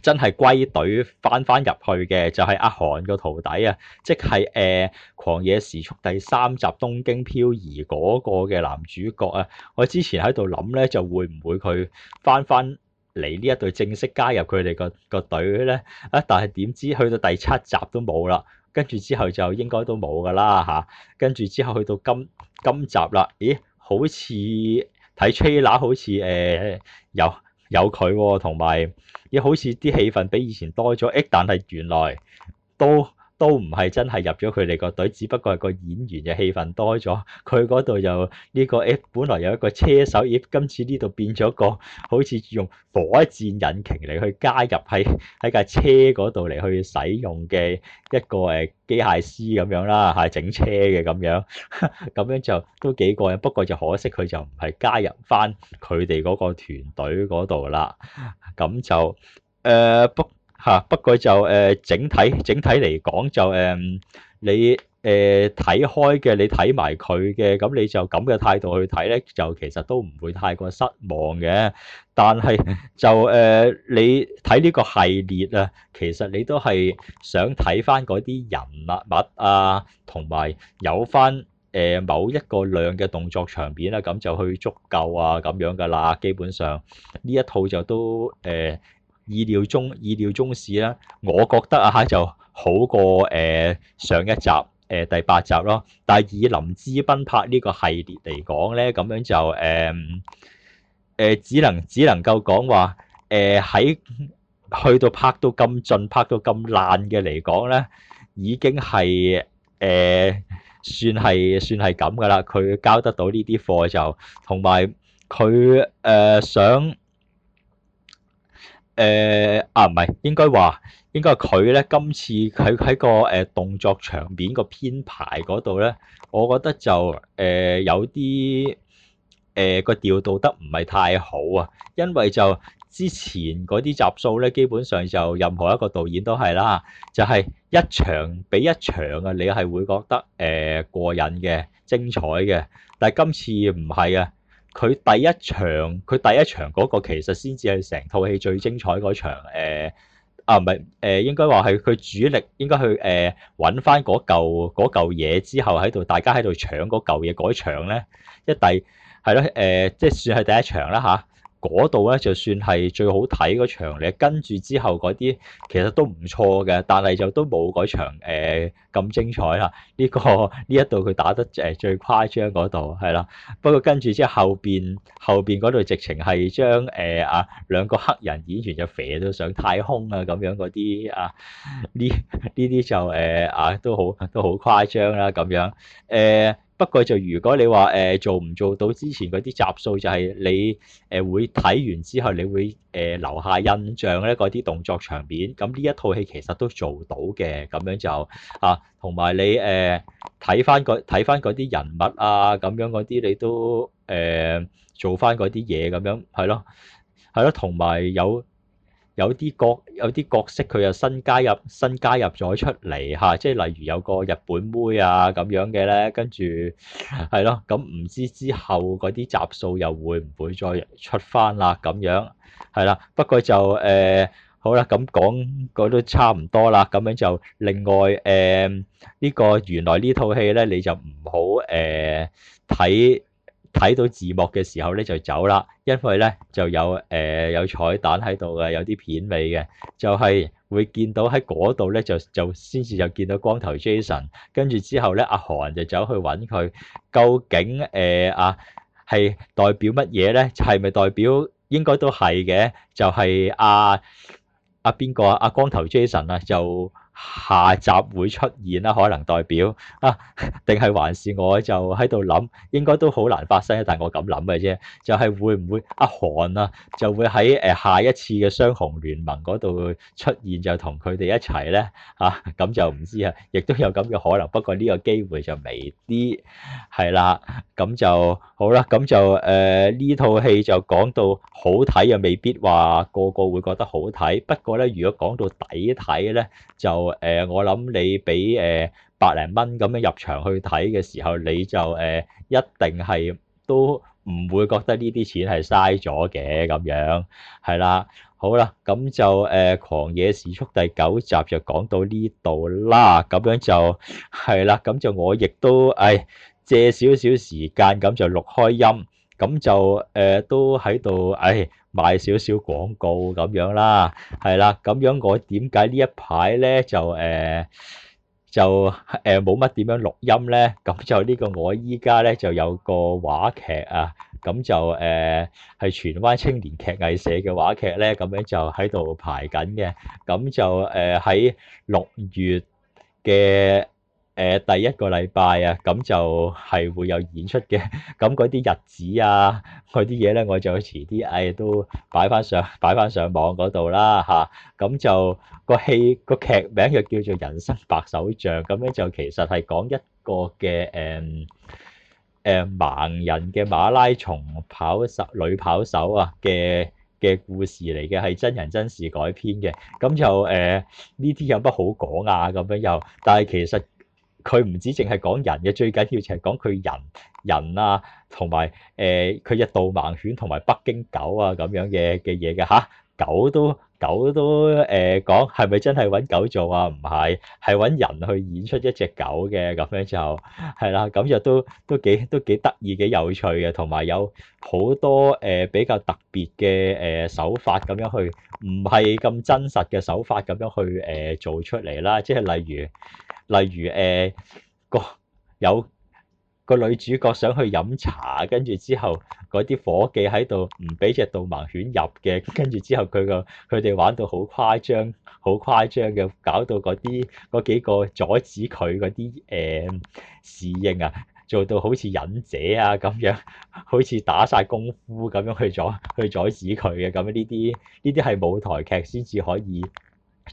真係歸隊翻翻入去嘅就係、是、阿韓個徒弟啊，即係誒、呃《狂野時速》第三集《東京漂移》嗰個嘅男主角啊。我之前喺度諗咧，就會唔會佢翻翻嚟呢一隊正式加入佢哋個個隊咧？啊！但係點知去到第七集都冇啦，跟住之後就應該都冇㗎啦嚇。跟、啊、住之後去到今今集啦，咦？好似睇 trailer 好似誒、呃、有。有佢喎，同埋又好似啲氣氛比以前多咗，誒，但係原來都。都唔係真係入咗佢哋個隊，只不過係個演員嘅戲份多咗。佢嗰度就呢、呢個 a、欸、本來有一個車手 a、欸、今次呢度變咗個好似用火箭引擎嚟去加入喺喺架車嗰度嚟去使用嘅一個誒、欸、機械師咁樣啦，係整車嘅咁樣，咁樣就都幾過癮。不過就可惜佢就唔係加入返佢哋嗰個團隊嗰度啦。咁就誒、呃、不。嚇、啊，不過就誒、呃、整體整體嚟講就誒、呃，你誒睇、呃、開嘅，你睇埋佢嘅，咁你就咁嘅態度去睇咧，就其實都唔會太過失望嘅。但係就誒、呃，你睇呢個系列啊，其實你都係想睇翻嗰啲人物、物啊，同埋有翻誒、呃、某一個量嘅動作場面啦，咁就去足夠啊咁樣噶啦。基本上呢一套就都誒。呃意料中，意料中事啦。我覺得啊，就好過誒、呃、上一集誒、呃、第八集咯。但係以林志斌拍呢個系列嚟講咧，咁樣就誒誒、呃呃、只能只能夠講話誒喺去到拍到咁盡，拍到咁爛嘅嚟講咧，已經係誒、呃、算係算係咁噶啦。佢交得到呢啲貨就同埋佢誒想。誒、呃、啊，唔係應該話應該佢咧。今次佢喺個誒動作場面個編排嗰度咧，我覺得就誒、呃、有啲誒個調度得唔係太好啊。因為就之前嗰啲集數咧，基本上就任何一個導演都係啦，就係，是，一場比一場啊，你係會覺得誒、呃、過癮嘅、精彩嘅，但係今次唔係啊。佢第一場，佢第一場嗰個其實先至係成套戲最精彩嗰場，呃、啊唔係誒，應該話係佢主力應該去誒搵返嗰嚿嗰嚿嘢之後喺度，大家喺度搶嗰嚿嘢，嗰場咧，一第係咯誒，即係、呃、算係第一場啦嚇。嗰度咧就算係最好睇嗰場嚟，跟住之後嗰啲其實都唔錯嘅，但係就都冇嗰場咁、呃、精彩啦。呢、呢個呢一度佢打得誒最誇張嗰度係啦。不過跟住之後面後邊後邊嗰度直情係將誒啊兩個黑人演員就肥到上太空啊，咁樣嗰啲啊，呢呢啲就誒啊都好都好誇張啦，咁樣誒。呃不過就如果你話誒做唔做到之前嗰啲集數，就係你誒會睇完之後，你會誒留下印象咧嗰啲動作場面。咁呢一套戲其實都做到嘅，咁樣就啊，同埋你誒睇翻嗰睇翻嗰啲人物啊，咁樣嗰啲你都誒做翻嗰啲嘢咁樣，係咯，係咯，同埋有。有啲角有啲角色佢又新加入新加入咗出嚟吓、啊，即係例如有個日本妹啊咁樣嘅咧，跟住係咯，咁唔、嗯、知之後嗰啲集數又會唔會再出翻啦咁樣？係啦，不過就誒、呃、好啦，咁講嗰都差唔多啦，咁樣就另外誒呢、呃呢個原來戲呢套戲咧，你就唔好誒睇。呃睇到字幕嘅時候咧就走啦，因為咧就有誒、呃、有彩蛋喺度嘅，有啲片尾嘅就係、是、會見到喺嗰度咧就就，就先至就見到光頭 Jason，跟住之後咧阿韓就走去揾佢，究竟誒、呃、啊係代表乜嘢咧？係咪代表應該都係嘅？就係阿阿邊個啊？阿光頭 Jason 啊就。下集會出現啦，可能代表啊，定係還是我就喺度諗，應該都好難發生，但係我咁諗嘅啫，就係會唔會阿韓啊，就會喺誒下一次嘅雙雄聯盟嗰度出現，就同佢哋一齊咧嚇，咁就唔知啊，亦都有咁嘅可能，不過呢個機會就微啲，係啦，咁就好啦，咁就誒呢套戲就講到好睇又未必話個個會覺得好睇，不過咧如果講到底睇咧就～誒、呃，我諗你俾誒、呃、百零蚊咁樣入場去睇嘅時候，你就誒、呃、一定係都唔會覺得呢啲錢係嘥咗嘅咁樣，係啦，好啦，咁就誒、呃、狂野時速第九集就講到呢度啦，咁樣就係啦，咁就我亦都誒、哎、借少少時間咁就錄開音。咁就誒都喺度，誒賣少少廣告咁樣啦，係啦。咁樣我點解呢一排咧就誒就誒冇乜點樣錄音咧？咁就呢個我依家咧就有個話劇啊，咁就誒係荃灣青年劇藝社嘅話劇咧，咁樣就喺度排緊嘅。咁就誒喺六月嘅。誒第一個禮拜啊，咁就係會有演出嘅。咁嗰啲日子啊，嗰啲嘢咧，我就遲啲誒都擺翻上擺翻上網嗰度啦嚇。咁就個戲個劇名就叫做《人生白手杖》。咁咧就其實係講一個嘅誒誒盲人嘅馬拉松跑手女跑手啊嘅嘅故事嚟嘅，係真人真事改編嘅。咁就誒呢啲有乜好講啊？咁樣又，但係其實。佢唔止淨係講人嘅，最緊要就係講佢人人啊，同埋誒佢嘅導盲犬同埋北京狗啊咁樣嘅嘅嘢嘅吓，狗都狗都誒、呃、講係咪真係揾狗做啊？唔係，係揾人去演出一隻狗嘅咁樣就係啦，咁、啊、就都都幾都幾得意幾有趣嘅，同埋有好多誒、呃、比較特別嘅誒、呃、手法咁樣去，唔係咁真實嘅手法咁樣去誒、呃、做出嚟啦，即係例如。例如誒、呃、個有個女主角想去飲茶，跟住之後嗰啲伙計喺度唔俾隻導盲犬入嘅，跟住之後佢個佢哋玩到好誇張，好誇張嘅，搞到嗰啲嗰幾個阻止佢嗰啲誒侍應啊，做到好似忍者啊咁樣，好似打晒功夫咁樣去阻去阻止佢嘅，咁呢啲呢啲係舞台劇先至可以。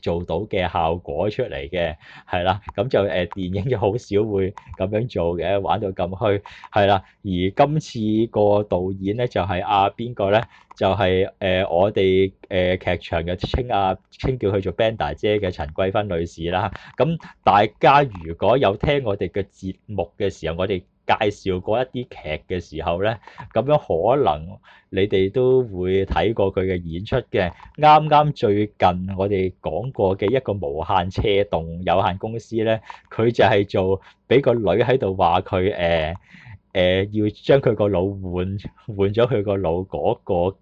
做到嘅效果出嚟嘅，係啦，咁就誒、呃、電影就好少會咁樣做嘅，玩到咁虛，係啦。而今次個導演咧就係阿邊個咧，就係、是、誒、啊就是呃、我哋誒、呃、劇場嘅稱阿稱叫佢做 Band 姐嘅陳桂芬女士啦。咁、嗯、大家如果有聽我哋嘅節目嘅時候，我哋，介紹過一啲劇嘅時候咧，咁樣可能你哋都會睇過佢嘅演出嘅。啱啱最近我哋講過嘅一個無限車動有限公司咧，佢就係做俾個女喺度話佢，誒誒，要將佢個腦換換咗佢個腦嗰個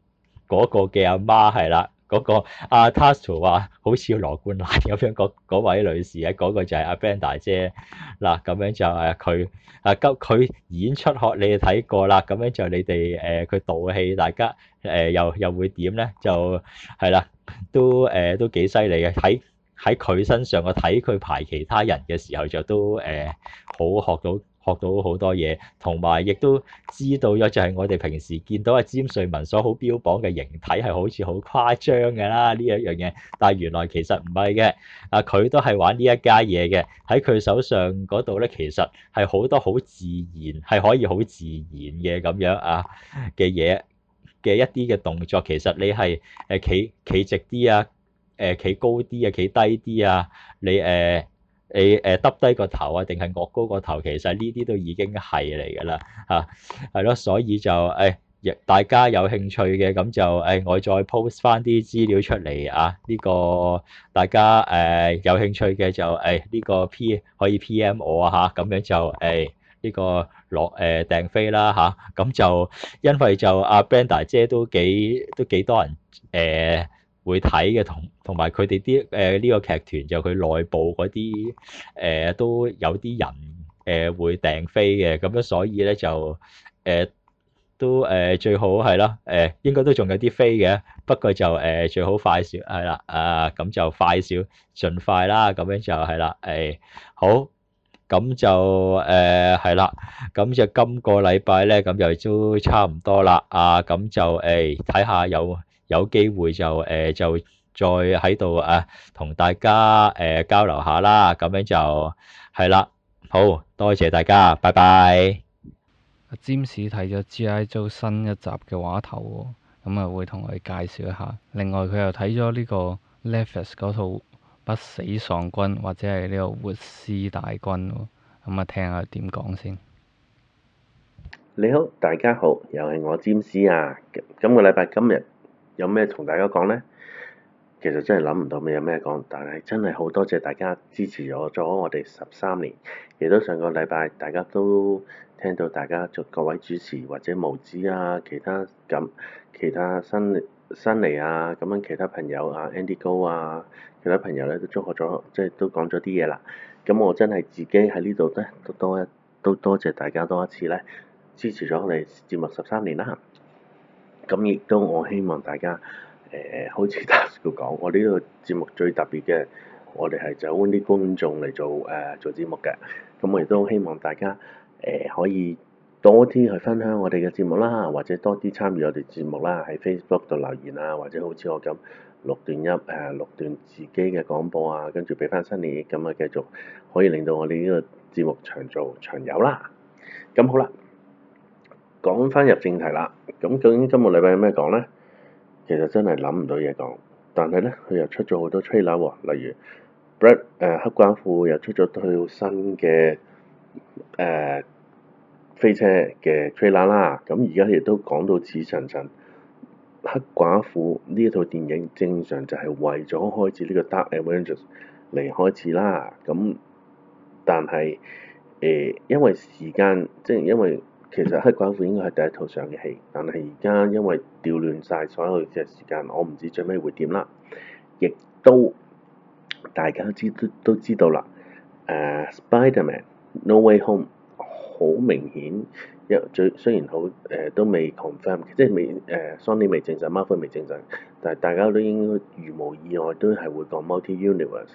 嗰個嘅阿媽係啦。嗰、那個阿、啊、t a s u o 話好似羅冠蘭咁樣，嗰位女士啊，嗰、那個就係阿 b a n d a 姐。嗱，咁樣就係佢，啊，咁佢演出學你哋睇過啦。咁樣就你哋誒，佢導戲，道氣大家誒、呃、又又會點咧？就係啦，都誒、呃、都幾犀利嘅。喺喺佢身上，我睇佢排他其他人嘅時候，就都誒、呃、好學到。學到好多嘢，同埋亦都知道咗就係、是、我哋平時見到阿詹瑞文所好標榜嘅形體係好似好誇張㗎啦，呢一樣嘢。但係原來其實唔係嘅，啊佢都係玩呢一間嘢嘅，喺佢手上嗰度咧，其實係好多好自然，係可以好自然嘅咁樣啊嘅嘢嘅一啲嘅動作。其實你係誒企企直啲啊，誒、呃、企高啲啊，企低啲啊，你誒。呃你誒耷低個頭啊，定係昂高個頭？其實呢啲都已經係嚟㗎啦嚇，係咯，所以就誒，亦大家有興趣嘅咁就誒，我再 post 翻啲資料出嚟啊！呢個大家誒有興趣嘅就誒呢個 P 可以 PM 我啊嚇，咁樣就誒呢個落誒訂飛啦嚇，咁就因為就阿 Ben 大姐都幾都幾多人誒。會睇嘅同同埋佢哋啲誒呢個劇團就佢內部嗰啲誒都有啲人誒會訂飛嘅，咁樣所以咧就誒都誒最好係啦誒應該都仲有啲飛嘅，不過就誒最好快少係啦啊咁就快少盡快啦，咁樣就係啦誒好咁就誒係啦，咁就今個禮拜咧咁就都差唔多啦啊咁就誒睇下有。有機會就誒、呃、就再喺度啊，同大家誒、呃、交流下啦，咁樣就係啦。好，多謝大家，拜拜。阿 James 睇咗《G.I. Joe》新一集嘅話頭喎、哦，咁、嗯、啊會同佢介紹一下。另外佢又睇咗呢個《Lefers》嗰套不死喪軍或者係呢個活屍大軍喎、哦，咁、嗯、啊聽下點講先。你好，大家好，又係我 James 啊。今個禮拜今日，有咩同大家講呢？其實真係諗唔到咩有咩講，但係真係好多謝大家支持咗咗我哋十三年。亦都上個禮拜大家都聽到大家祝各位主持或者無知毛子啊，其他咁、啊其，啊、其他新新嚟啊咁樣其他朋友啊 Andy 哥啊，其他朋友咧、啊啊、都祝賀咗，即係都講咗啲嘢啦。咁、啊、我真係自己喺呢度咧都多一都多，多，多謝大家多一次咧，支持咗我哋節目十三年啦。咁亦都我希望大家誒，好似頭先講，我呢個節目最特別嘅，我哋係就搵啲觀眾嚟做誒、呃、做節目嘅。咁我亦都希望大家誒、呃、可以多啲去分享我哋嘅節目啦，或者多啲參與我哋節目啦，喺 Facebook 度留言啊，或者好似我咁錄段音，誒、呃、錄段自己嘅廣播啊，跟住俾翻新意，咁啊繼續可以令到我哋呢個節目長做長有啦。咁好啦。講返入正題喇。咁究竟今個禮拜有咩講呢？其實真係諗唔到嘢講，但係咧佢又出咗好多 trailer 啊，例如 Brad、呃《黑寡婦》又出咗套新嘅誒、呃、飛車嘅 trailer 啦、啊，咁而家亦都講到似層層《黑寡婦》呢一套電影，正常就係為咗開始呢個 Dark Avengers 嚟開始啦，咁、啊、但係誒、呃、因為時間即係因為。其實黑寡婦應該係第一套上嘅戲，但係而家因為調亂晒所有嘅時間，我唔知最尾會點啦。亦都大家知都知道啦。誒、uh、Spider-Man No Way Home 好明顯一最雖然好誒、呃、都未 confirm，即係未誒、呃、Sony 未證實，Marvel 未證實，但係大家都應該如無意外都係會講 multi universe。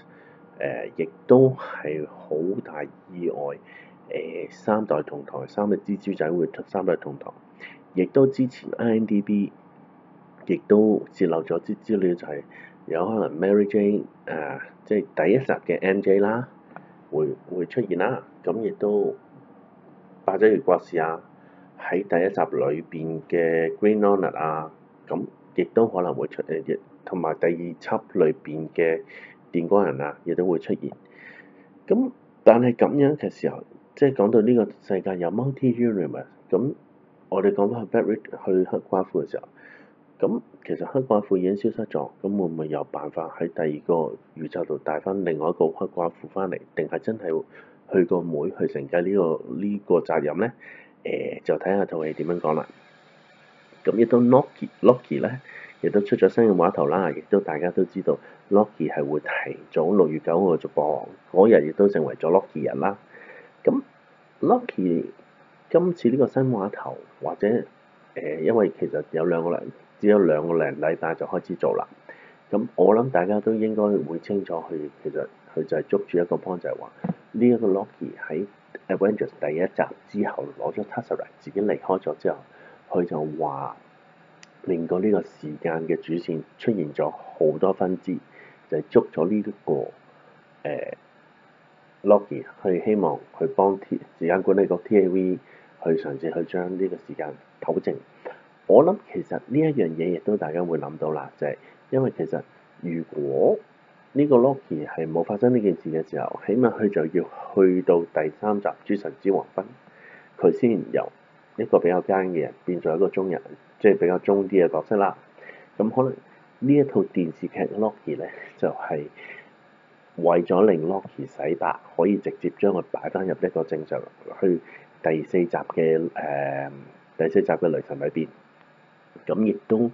誒 un、呃，亦都係好大意外。三代同堂，三隻蜘蛛仔會出三代同堂，亦都之前 I N D B，亦都泄漏咗啲資料就係，是，有可能 Mary Jane 誒，即係第一集嘅 M J 啦，會會出現啦。咁，啊，亦都八爪魚博士啊，喺第一集裏邊嘅 Green Hornet 啊，咁，啊，亦都可能會出誒，同，啊，埋第二輯裏邊嘅電光人啊，亦都會出現。咁，啊，但係咁樣嘅時候。即係講到呢個世界有 multi-universe，咁我哋講翻係 Barry 去黑寡婦嘅時候，咁其實黑寡婦已經消失咗，咁會唔會有辦法喺第二個宇宙度帶翻另外一個黑寡婦翻嚟，定係真係去個妹，妹去承繼呢個呢、呢個責任咧？誒、呃，就睇下套戲點樣講啦。咁亦都 Loki、ok、Loki、ok、咧，亦都出咗新嘅嘜頭啦，亦都大家都知道 Loki 係係會提早六月九號就播，嗰日亦都成為咗 Loki、ok、人啦。咁 Loki 今次呢個新話頭，或者誒、呃，因為其實有兩個零，只有兩個零禮拜就開始做啦。咁我諗大家都應該會清楚，佢其實佢就係捉住一個 point 就係話，呢、這、一個 Loki 喺 Avengers 第一集之後攞咗 Tesseract 自己離開咗之後，佢就話令到呢個時間嘅主線出現咗好多分支，就係、是、捉咗呢一個誒。呃 Loki 去希望去幫 T 時間管理局 TAV 去嘗試去將呢個時間糾正。我諗其實呢一樣嘢亦都大家會諗到啦，就係、是、因為其實如果呢個 Loki 係冇發生呢件事嘅時候，起碼佢就要去到第三集《諸神之黃昏》，佢先由一個比較奸嘅人變咗一個忠人，即、就、係、是、比較忠啲嘅角色啦。咁可能呢一套電視劇 Loki 咧就係、是。為咗令 Loki 洗白，可以直接將佢擺翻入一個正常去第四集嘅誒、呃、第四集嘅雷神裏邊。咁亦都誒、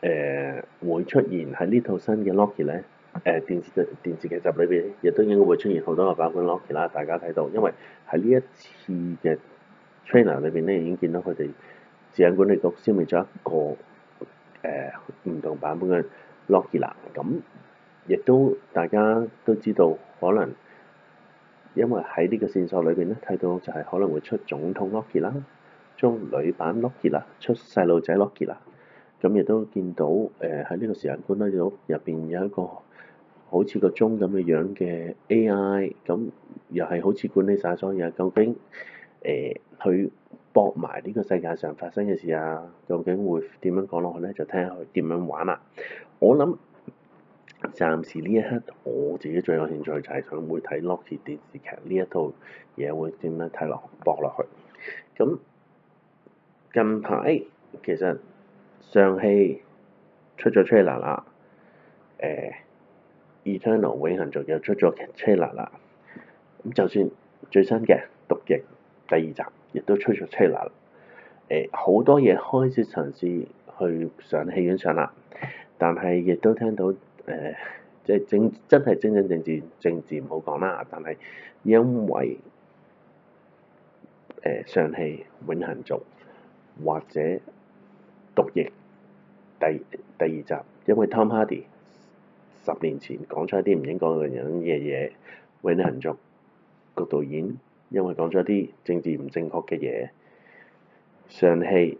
呃、會出現喺呢套新嘅 Loki 咧誒、呃、電，電視劇電視劇集裏邊，亦都應該會出現好多個版本 Loki 啦。大家睇到，因為喺呢一次嘅 Trainer 裏邊咧，已經見到佢哋治安管理局消滅咗一個誒唔同版本嘅 Loki 啦。咁亦都大家都知道，可能因為喺呢個線索裏邊咧，睇到就係可能會出總統 Loki 啦，出女版 Loki 啦，出細路仔 Loki 啦。咁亦都見到誒喺呢個時間管理到入邊有一個好似個鐘咁嘅樣嘅 AI，咁、嗯、又係好似管理晒所有。究竟誒佢搏埋呢個世界上發生嘅事啊？究竟會點樣講落去咧？就聽下佢點樣玩啦、啊。我諗。暫時呢一刻，我自己最有興趣就係想會睇《Locky》電視劇呢一套嘢，會點樣睇落去？播落去？咁近排其實上戲出咗 trailer，誒《Eternal 永恆族》又出咗 trailer，咁就算最新嘅《毒液》第二集亦都出咗 trailer，誒好多嘢開始嘗試去上戲院上啦，但係亦都聽到。誒，即係政真係真真正正政治唔好講啦，但係因為誒、呃、上氣永恆族或者毒液第第二集，因為 Tom Hardy 十年前講出一啲唔應該講嘅人嘅嘢，永恆族個導演因為講咗啲政治唔正確嘅嘢，上氣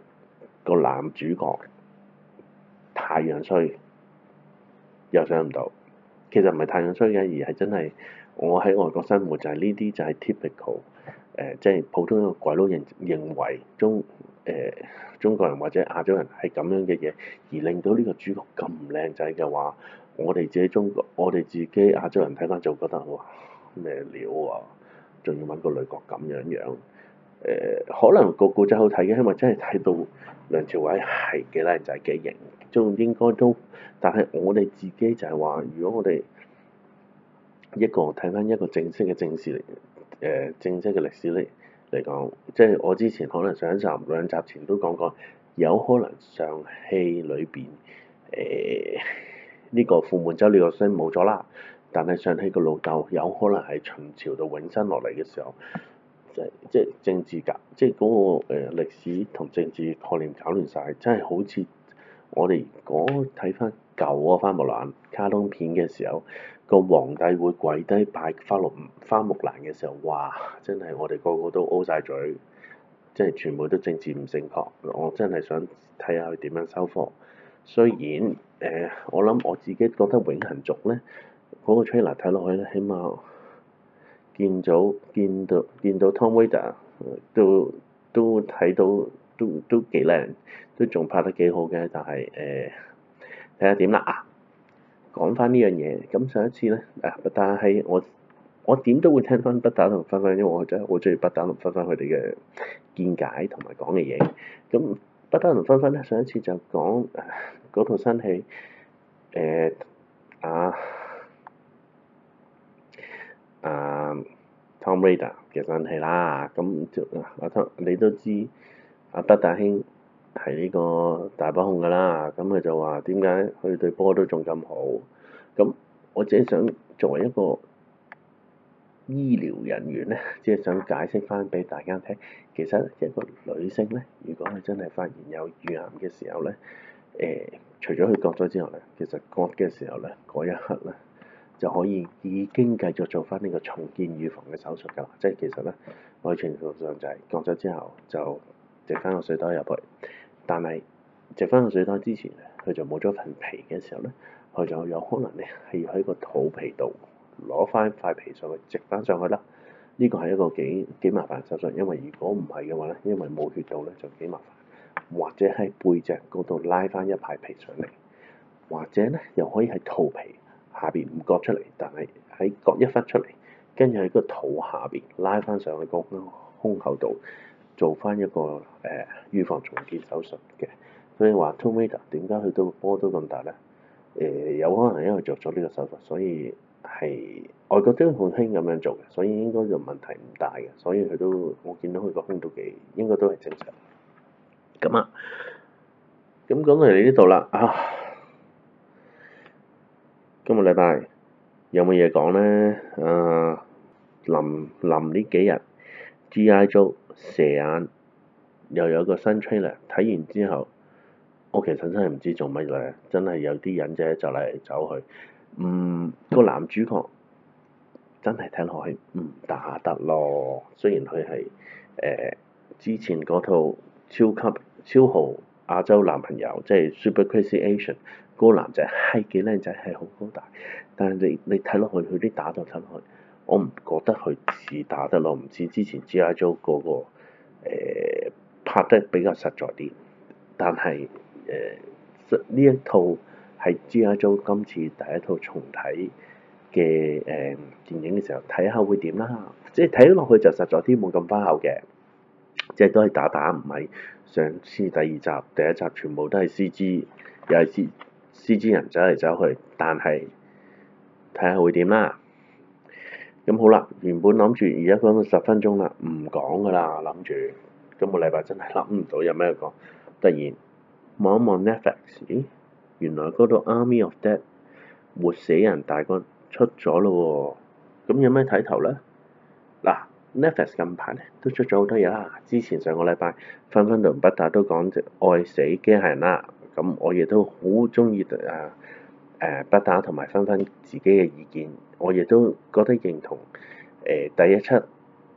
個男主角太樣衰。又想唔到，其實唔係太樣衰嘅，而係真係我喺外國生活就係呢啲就係 typical，誒、呃、即係、就是、普通一個鬼佬認認為中誒、呃、中國人或者亞洲人係咁樣嘅嘢，而令到呢個主角咁靚仔嘅話，我哋自己中國我哋自己亞洲人睇翻就會覺得哇咩料啊，仲要揾個女角咁樣樣。呃、可能個故仔好睇嘅，因為真係睇到梁朝偉係幾靚仔幾型，仲、就是、應該都。但係我哋自己就係話，如果我哋一個睇翻一個正式嘅正史嚟，誒、呃、正式嘅歷史嚟嚟講，即、就、係、是、我之前可能上一集兩集前都講過，有可能上戲裏邊，誒、呢個傅滿洲呢個姓冇咗啦，但係上戲個老豆有可能係秦朝度永生落嚟嘅時候。即係政治噶，即係、那個個誒、呃、歷史同政治概念搞亂晒，真係好似我哋嗰睇翻舊個花木蘭卡通片嘅時候，那個皇帝會跪低拜花木花木蘭嘅時候，哇！真係我哋個個都嘔晒嘴，即係全部都政治唔正確，我真係想睇下佢點樣收貨。雖然誒、呃、我諗我自己覺得永恒族咧嗰、那個 trailer 睇落去咧，起碼。見到見到見到 Tom Waits 都都睇到都都幾靚，都仲拍得幾好嘅。但係誒睇下點啦啊！講翻呢樣嘢，咁上一次咧嗱、啊，但係我我點都會聽翻不打同分分，因為我真係好中意不打同分分佢哋嘅見解同埋講嘅嘢。咁不打同分分咧上一次就講嗰、呃、套新戲誒、呃、啊！啊、uh，Tom Raider 嘅關係啦，咁我我你都知，阿北大兄係呢個大把控㗎啦，咁佢就話點解佢對波都仲咁好？咁我自己想作為一個醫療人員咧，即係想解釋返畀大家聽，其實一個女性咧，如果佢真係發現有乳癌嘅時候咧，誒、呃，除咗佢割咗之後咧，其實割嘅時候咧，嗰一刻咧，就可以已經繼續做翻呢個重建預防嘅手術㗎，即係其實咧，某程度上就係、是、割咗之後就植翻個水袋入去，但係植翻個水袋之前呢，佢就冇咗份皮嘅時候咧，佢就有可能咧係要喺個肚皮度攞翻塊皮上去植翻上去啦。呢個係一個幾幾麻煩嘅手術，因為如果唔係嘅話咧，因為冇血到咧就幾麻煩，或者喺背脊嗰度拉翻一排皮上嚟，或者咧又可以喺肚皮。下邊唔割出嚟，但係喺割一忽出嚟，跟住喺個肚下邊拉翻上去個胸口度，做翻一個誒、呃、預防重建手術嘅、呃。所以話 Tomato 點解佢都波都咁大咧？誒有可能因為做咗呢個手術，所以係外國都好興咁樣做嘅，所以應該就問題唔大嘅。所以佢都我見到佢個胸都幾應該都係正常。咁啊，咁講到嚟呢度啦啊！今日禮拜有冇嘢講咧？啊、呃，臨臨呢幾日，G.I. Joe 蛇眼又有一個新 trailer，睇完之後，我其實真係唔知做乜嘢，真係有啲忍者走嚟走去。嗯，個男主角真係聽落去唔打得咯，雖然佢係誒之前嗰套超級超豪。亞洲男朋友即係 Super Crazy Asian 嗰個男仔係幾靚仔，係好高大，但係你你睇落去佢啲打鬥睇落去，我唔覺得佢似打得咯，唔似之前 G.I. Joe 嗰個誒、拍得比較實在啲，但係誒呢一套係 G.I. Joe 今次第一套重睇嘅誒電影嘅時候，睇下會點啦，即係睇落去就實在啲，冇咁花巧嘅，即係都係打打唔係。上次第二集、第一集全部都係 C G，又係 C C G 人走嚟走去，但係睇下會點啦。咁好啦，原本諗住而家講到十分鐘啦，唔講噶啦，諗住今個禮拜真係諗唔到有咩講。突然望一望 Netflix，咦？原來嗰度 Army of Dead 活死人大軍出咗咯喎，咁有咩睇頭咧？嗱、啊。Netflix 近排咧都出咗好多嘢啦，之前上個禮拜分分同不打都講就愛死機械人啦，咁我亦都好中意啊誒不打同埋分分自己嘅意見，我亦都覺得認同誒、呃、第一輯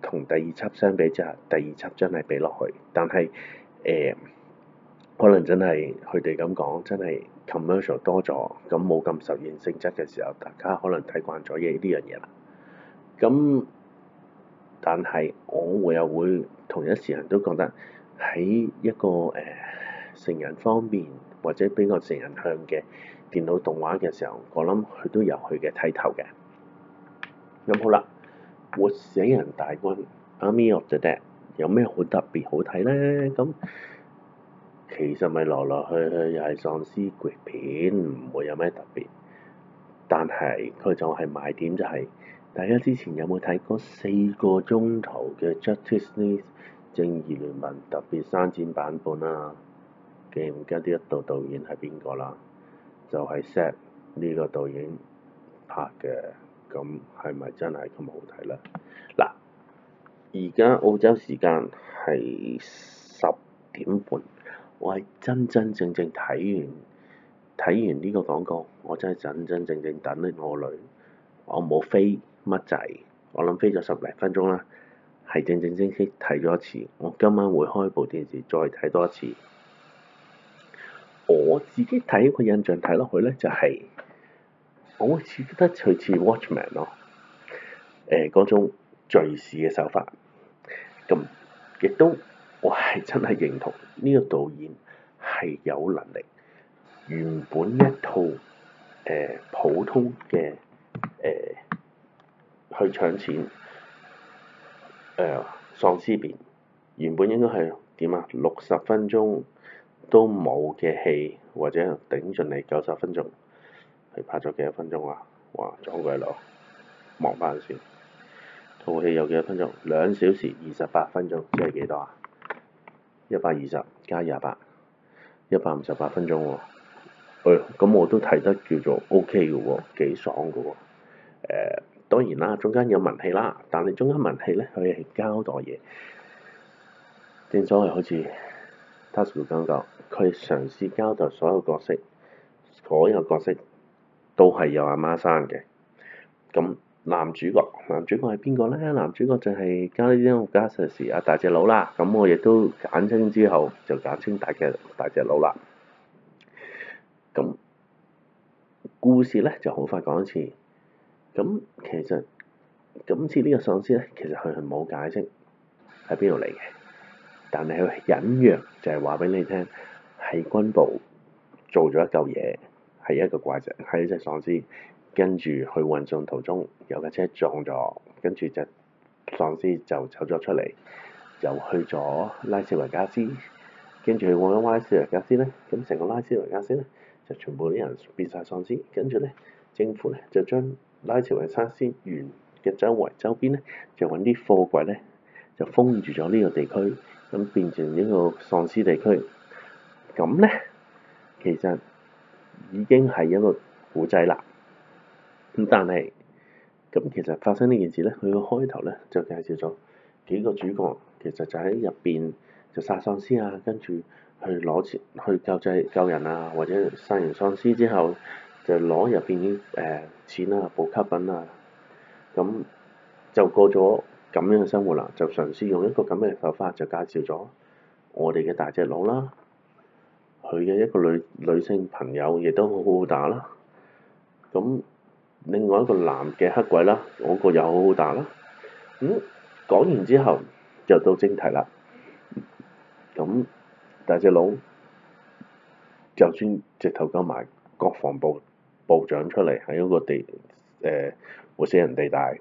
同第二輯相比之下，第二輯真係比落去，但係誒、呃、可能真係佢哋咁講，真係 commercial 多咗，咁冇咁實驗性質嘅時候，大家可能睇慣咗嘢呢樣嘢啦，咁。但係我會又會同一時間都覺得喺一個誒、呃、成人方面或者比較成人向嘅電腦動畫嘅時候，我諗佢都有佢嘅睇頭嘅。咁、嗯、好啦活死人大軍 Army of the Dead？有咩好特別好睇咧？咁其實咪落落去去又係喪屍鬼片，唔會有咩特別。但係佢就係賣點就係、是。大家之前有冇睇過四個鐘頭嘅《Justice League》正義聯盟特別三剪版本啊？嘅記唔記得呢一套導演係邊個啦？就係 Zack 呢個導演拍嘅，咁係咪真係咁好睇啦？嗱，而家澳洲時間係十點半，我係真真正正睇完睇完呢個廣告，我真係真真正正，正等得我累，我冇飛。乜仔、就係，我諗飛咗十零分鐘啦，係正正經經睇咗一次。我今晚會開部電視再睇多一次。我自己睇個印象睇落去咧、就係，就係我會似覺得類似 Watchman 咯、呃。誒，嗰種敍事嘅手法，咁亦都我係真係認同呢個導演係有能力。原本一套誒、呃、普通嘅誒。呃去搶錢，誒、呃、喪屍片原本應該係點啊？六十分鐘都冇嘅戲，或者頂盡你九十分鐘，佢拍咗幾多分鐘啊？哇！好鬼耐，望翻先看看，套戲有幾多分鐘？兩小時二十八分鐘，即係幾多啊？一百二十加廿八，一百五十八分鐘喎、啊。咁、哎、我都睇得叫做 OK 嘅喎、啊，幾爽嘅喎、啊，呃當然啦，中間有文戲啦，但係中間文戲咧，佢係交代嘢。正所謂好似 t s 斯魯講到，佢嘗試交代所有角色，所有角色都係有阿媽生嘅。咁男主角，男主角係邊個咧？男主角就係加啲啲阿塔斯士阿大隻佬啦。咁我亦都簡稱之後就簡稱大隻大隻佬啦。咁故事咧就好快講一次。咁其實今次呢個喪屍咧，其實佢係冇解釋喺邊度嚟嘅，但係佢隱約就係話俾你聽，喺軍部做咗一嚿嘢，係一個怪石，係一隻喪屍，跟住去運送途中，有架車撞咗，跟住就喪屍就走咗出嚟，就去咗拉斯維加斯，跟住去咗拉斯維加斯咧，咁成個拉斯維加斯咧就全部啲人變晒喪屍，跟住咧政府咧就將拉斯維加斯嘅周圍周邊咧，就揾啲貨櫃咧，就封住咗呢個地區，咁變成呢個喪屍地區。咁咧，其實已經係一個古仔啦。咁但係，咁其實發生呢件事咧，佢個開頭咧就介紹咗幾個主角，其實就喺入邊就殺喪屍啊，跟住去攞錢去救濟救人啊，或者殺完喪屍之後，就攞入邊啲誒。呃錢啦、啊，補給品啦、啊，咁就過咗咁樣嘅生活啦，就嘗試用一個咁嘅手法就介紹咗我哋嘅大隻佬啦，佢嘅一個女女性朋友亦都好好打啦，咁另外一個男嘅黑鬼啦，我、嗰個又好好打啦，咁、嗯、講完之後就到正題啦，咁大隻佬就算直頭夠埋國防部。部長出嚟喺嗰個地誒活死人地帶，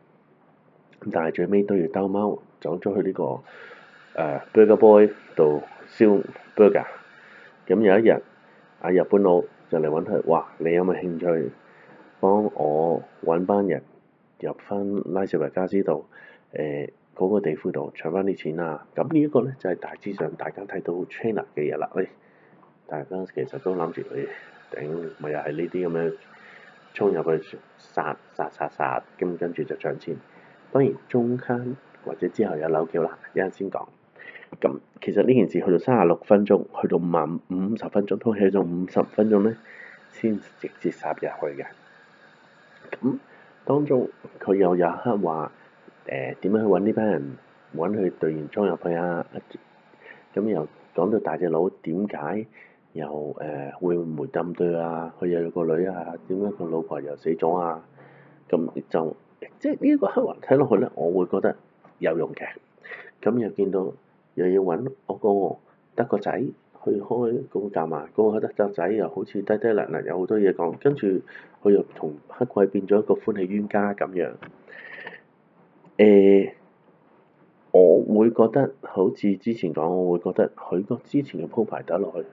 但係最尾都要兜貓，走咗去呢、這個誒、呃、burger boy 度燒 burger。咁、嗯、有一日，阿日本佬就嚟揾佢，哇！你有冇興趣幫我揾班人入翻拉斯維加斯度誒嗰個地庫度搶翻啲錢啊？咁、嗯這個、呢一個咧就係、是、大致上大家睇到 China 嘅嘢啦，喂、哎！大家其實都諗住嚟頂，咪又係呢啲咁樣。衝入去殺殺殺殺，咁跟住就漲錢。當然中間或者之後有扭橋啦，一陣先講。咁其實呢件事去到三十六分鐘，去到五十五十分鐘，都起咗五十分鐘咧先直接殺入去嘅。咁當中佢又有刻話誒點樣去揾呢班人揾佢隊員衝入去啊？咁又講到大隻佬點解？又誒、呃、會唔會針對啊？佢又有個女啊？點解佢老婆又死咗啊？咁就即係呢個黑雲睇落去咧，我會覺得有用嘅。咁又見到又要揾我個得個仔去開個夾嘛？嗰、那個得個仔又好似低低能能，有好多嘢講。跟住佢又同黑鬼變咗一個歡喜冤家咁樣誒、欸，我會覺得好似之前講，我會覺得佢個之前嘅鋪排得落去。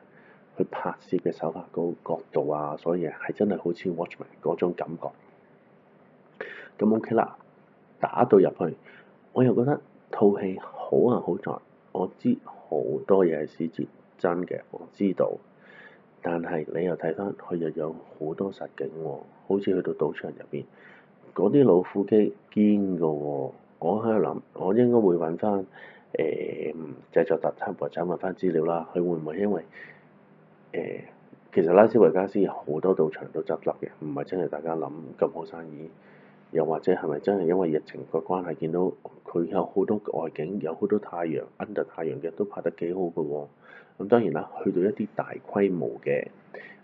佢拍攝嘅手法、高角度啊，所以係真係好似 Watchmen 嗰種感覺。咁 OK 啦，打到入去，我又覺得套戲好啊好，好在我知好多嘢係史哲真嘅，我知道。但係你又睇翻佢又有好多實景喎、啊，好似去到賭場入邊，嗰啲老虎機堅嘅喎。我喺度諗，我應該會揾翻誒製作特輯或者揾翻資料啦。佢會唔會因為？誒，其實拉斯維加斯好多道場都執笠嘅，唔係真係大家諗咁好生意。又或者係咪真係因為疫情嘅關係，見到佢有好多外景，有好多太陽 under 太陽嘅都拍得幾好嘅喎、哦。咁、嗯、當然啦，去到一啲大規模嘅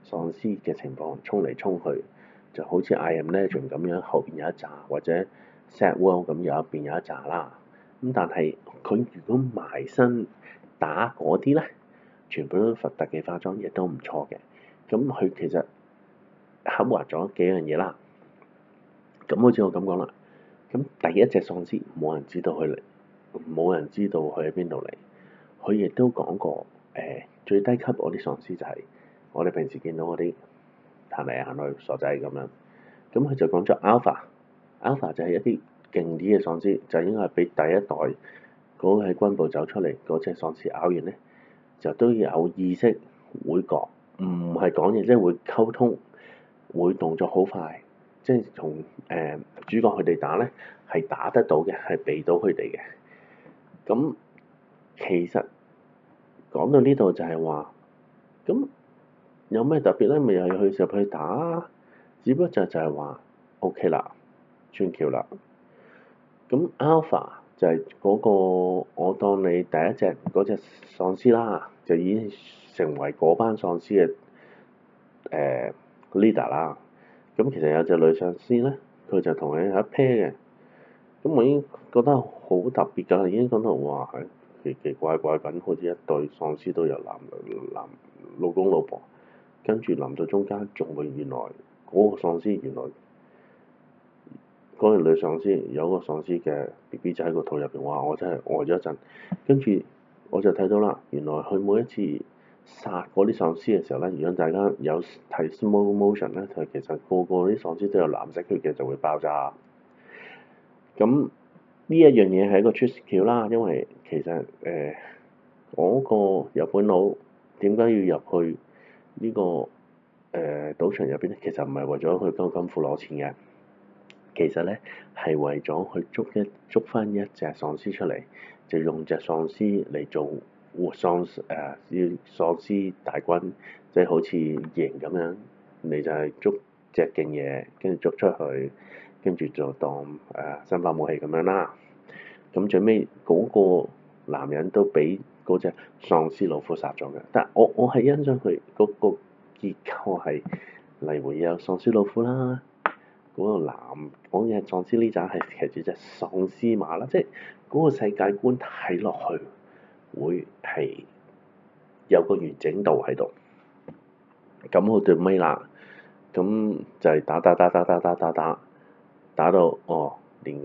喪屍嘅情況，衝嚟衝去，就好似 I am Legend 仲咁樣，後邊有一炸，或者 set wall 咁有一邊有一炸啦。咁、嗯、但係佢如果埋身打嗰啲咧？全部都復雜嘅化妝，亦都唔錯嘅。咁佢其實刻畫咗幾樣嘢啦。咁好似我咁講啦。咁、啊、第一隻喪屍冇人知道佢嚟，冇人知道佢喺邊度嚟。佢亦都講過，誒、呃、最低級我啲喪屍就係、是、我哋平時見到嗰啲行嚟行去傻仔咁樣。咁、啊、佢就講咗 Al alpha，alpha 就係一啲勁啲嘅喪屍，就應該係畀第一代嗰喺、那個、軍部走出嚟嗰隻喪屍咬完咧。就都有意識會覺，唔係講嘢，即係會溝通，會動作好快，即係從誒主角佢哋打咧，係打得到嘅，係避到佢哋嘅。咁其實講到呢度就係話，咁有咩特別咧？咪又係去入去打，只不過就就係話 O.K. 啦，轉橋啦。咁 Alpha。就係嗰、那個，我當你第一隻嗰隻喪屍啦，就已經成為嗰班喪屍嘅、呃、leader 啦。咁其實有隻女喪屍咧，佢就同你一 pair 嘅。咁我已經覺得好特別㗎啦，已經講到話奇奇怪怪咁，好似一對喪屍都有男男老公老婆，跟住臨到中間仲會原來嗰、那個喪屍原來。嗰個女喪屍有個喪屍嘅 B B 仔喺個肚入邊，哇！我真係呆咗一陣，跟住我就睇到啦。原來佢每一次殺嗰啲喪屍嘅時候咧，如果大家有睇 small motion 咧，就係其實個個啲喪屍都有藍色血嘅就會爆炸。咁呢一樣嘢係一個 trick 橋啦，因為其實誒嗰、呃、個日本佬點解要入去呢、這個誒、呃、賭場入邊咧？其實唔係為咗去揼金，金庫攞錢嘅。其實咧係為咗去捉一捉翻一隻喪屍出嚟，就用隻喪屍嚟做喪屍要、呃、喪屍大軍即係好似營咁樣，你就係捉隻勁嘢，跟住捉出去，跟住就當誒生、呃、化武器咁樣啦。咁最尾嗰個男人都俾嗰隻喪屍老虎殺咗嘅，但係我我係欣賞佢嗰、嗰個結構係嚟回有喪屍老虎啦。嗰個男講嘢，哦就是、喪屍呢陣係騎住隻、就是、喪屍馬啦，即係嗰個世界觀睇落去會係有個完整度喺度。咁到最尾啦，咁就係打打打打打打打打，打到哦，連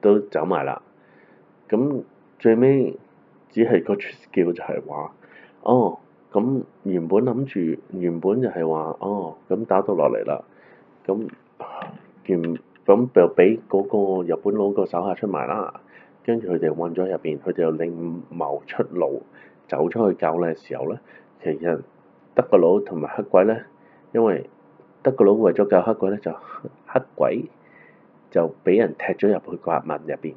都走埋啦。咁最尾只係個叫就係話，哦，咁原本諗住原本就係話，哦，咁打到落嚟啦。咁咁就畀嗰個日本佬個手下出賣啦，跟住佢哋混咗入邊，佢哋又另謀出路走出去救嘅時候咧，其實德國佬同埋黑鬼咧，因為德國佬為咗救黑鬼咧，就黑鬼就俾人踢咗入去個核物入邊。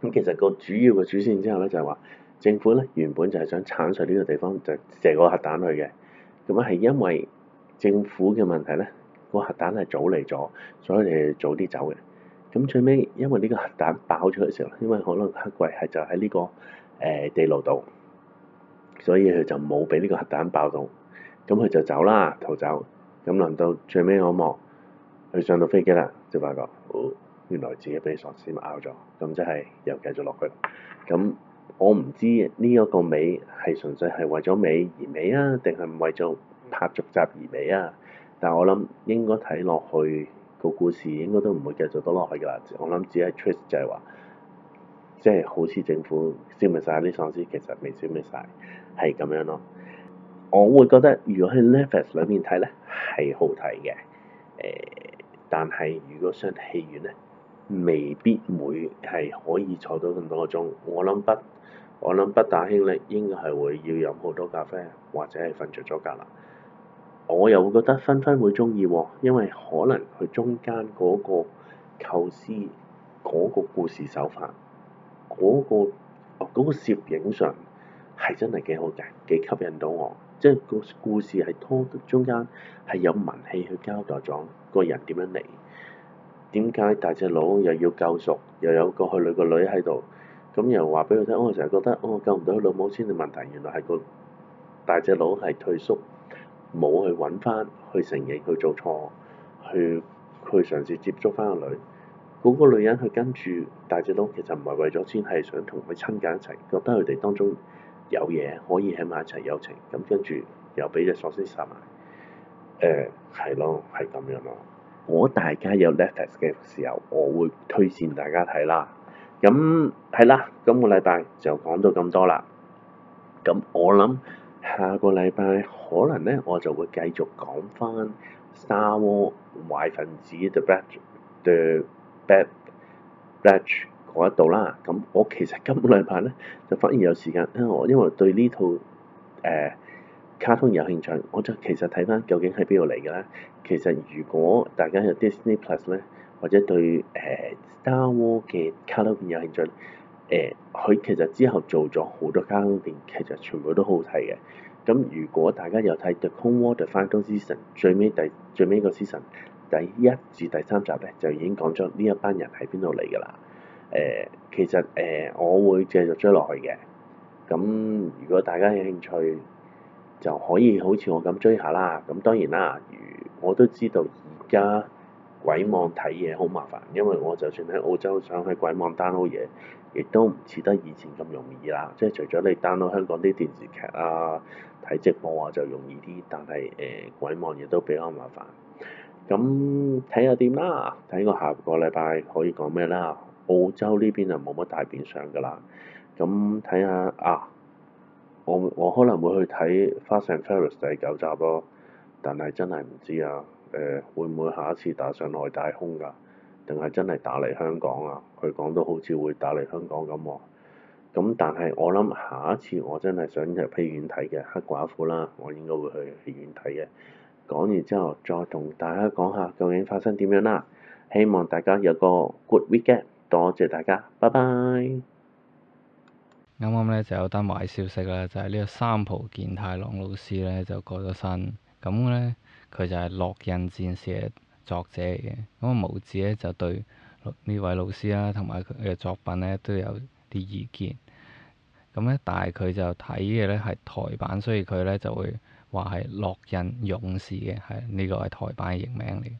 咁其實個主要嘅主線之後咧，就係、是、話政府咧原本就係想剷除呢個地方，就借個核彈去嘅。咁啊，係因為政府嘅問題咧。個核彈係早嚟咗，所以佢早啲走嘅。咁最尾，因為呢個核彈爆咗嘅時候，因為可能黑鬼係就喺呢個誒地牢度，所以佢就冇俾呢個核彈爆到。咁佢就走啦，逃走。咁輪到最尾，我望佢上到飛機啦，就發覺，哦，原來自己俾喪屍咬咗。咁即係又繼續落去。咁、嗯、我唔知呢一個尾係純粹係為咗尾而尾啊，定係為咗拍續集而尾啊？但我諗應該睇落去，個故事應該都唔會繼續到落去㗎啦，我諗只係 twist 就係話，即係好似政府消滅晒啲喪屍，其實未消滅晒，係咁樣咯。我會覺得如果喺 Netflix 裏面睇咧係好睇嘅，誒、呃，但係如果上戲院咧，未必會係可以坐到咁多個鐘。我諗不，我諗不打兄咧，應該係會要飲好多咖啡，或者係瞓着咗覺啦。我又會覺得分分會鍾意喎，因為可能佢中間嗰個構思、嗰個故事手法、嗰個哦、嗰個攝影上係真係幾好嘅，幾吸引到我。即係個故事係拖得中間係有文氣去交代咗個人點樣嚟，點解大隻佬又要救贖，又有個去女個女喺度，咁又話畀佢聽。我成日覺得，我、哦、救唔到佢老母先嘅問題，原來係個大隻佬係退縮。冇去揾翻，去承認，去做錯，去去嘗試接觸翻個女，嗰、那個女人去跟住大隻佬，其實唔係為咗錢係想同佢親近一齊，覺得佢哋當中有嘢可以喺埋一齊友情，咁跟住又畀隻喪屍殺埋。誒、呃，係咯，係咁樣咯。我大家有 Netflix 嘅時候，我會推薦大家睇啦。咁、嗯、係啦，今個禮拜就講到咁多啦。咁、嗯、我諗。下個禮拜可能咧，我就會繼續講翻《Star Wars》壞分子 The, Black, The Bad The Bad Batch 嗰一度啦。咁我其實今個禮拜咧，就反而有時間，因為我因為對呢套誒、呃、卡通有興趣，我就其實睇翻究竟喺邊度嚟嘅啦。其實如果大家有 Disney Plus 咧，或者對誒、呃《Star Wars》嘅卡通有興趣，誒，佢、欸、其實之後做咗好多卡通片，其實全部都好睇嘅。咁如果大家有睇《The Clone Wars final season》，最尾第最尾個 season 第一至第三集咧，就已經講咗呢一班人喺邊度嚟㗎啦。誒、欸，其實誒、欸，我會繼續追落去嘅。咁如果大家有興趣，就可以好似我咁追下啦。咁當然啦，如我都知道而家鬼網睇嘢好麻煩，因為我就算喺澳洲想去鬼網 download 嘢。亦都唔似得以前咁容易啦，即係除咗你 download 香港啲電視劇啊，睇直播啊就容易啲，但係誒、呃、鬼望亦都比較麻煩。咁睇下點啦？睇我下個禮拜可以講咩啦？澳洲呢邊就冇乜大變相㗎啦。咁睇下啊，我我可能會去睇《Fast and Furious》第九集咯，但係真係唔知啊，誒、呃、會唔會下一次打上外太空㗎？定係真係打嚟香港啊！佢講到好似會打嚟香港咁喎、啊。咁但係我諗下一次我真係想入戲院睇嘅《黑寡婦》啦，我應該會去戲院睇嘅。講完之後再同大家講下究竟發生點樣啦、啊。希望大家有個 good weekend，多謝大家，拜拜。啱啱咧就有單壞消息啦，就係、是、呢個三浦建太郎老師咧就過咗身。咁咧佢就係《烙印戰士》，作者嚟嘅，咁啊毛子咧就對呢位老師啦、啊，同埋佢嘅作品咧都有啲意見。咁咧，但係佢就睇嘅咧係台版，所以佢咧就會話係烙印勇士嘅，係、這、呢個係台版嘅譯名嚟。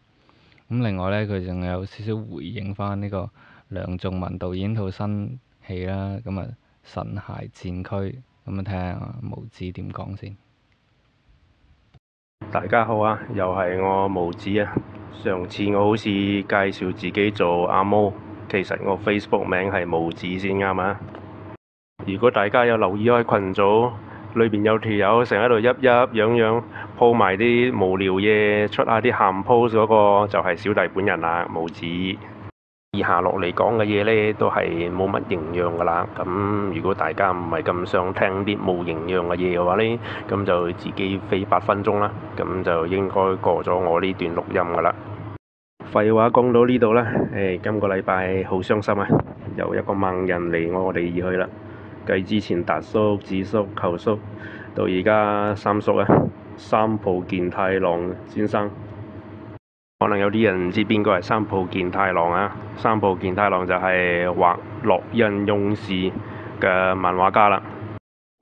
咁另外咧，佢仲有少少回應翻呢個梁仲文導演套新戲啦，咁啊神骸戰軀，咁樣睇下毛子點講先。大家好啊，又係我毛子啊。上次我好似介紹自己做阿毛，其實我 Facebook 名係毛子先啱係嘛？如果大家有留意開群組，裏邊有條友成日喺度一一樣一樣 po 埋啲無聊嘢，出一下啲鹹 post 嗰、那個，就係、是、小弟本人啦，毛子。而下落嚟講嘅嘢呢，都係冇乜營養噶啦。咁如果大家唔係咁想聽啲冇營養嘅嘢嘅話呢，咁就自己飛八分鐘啦。咁就應該過咗我呢段錄音噶啦。廢話講到呢度啦。哎，今個禮拜好傷心啊，又一個猛人離我哋而去啦。繼之前達叔、智叔、求叔到而家三叔啊，三浦建太朗先生。可能有啲人唔知邊個係三浦建太朗啊？三浦建太朗就係畫烙印勇士嘅漫畫家啦。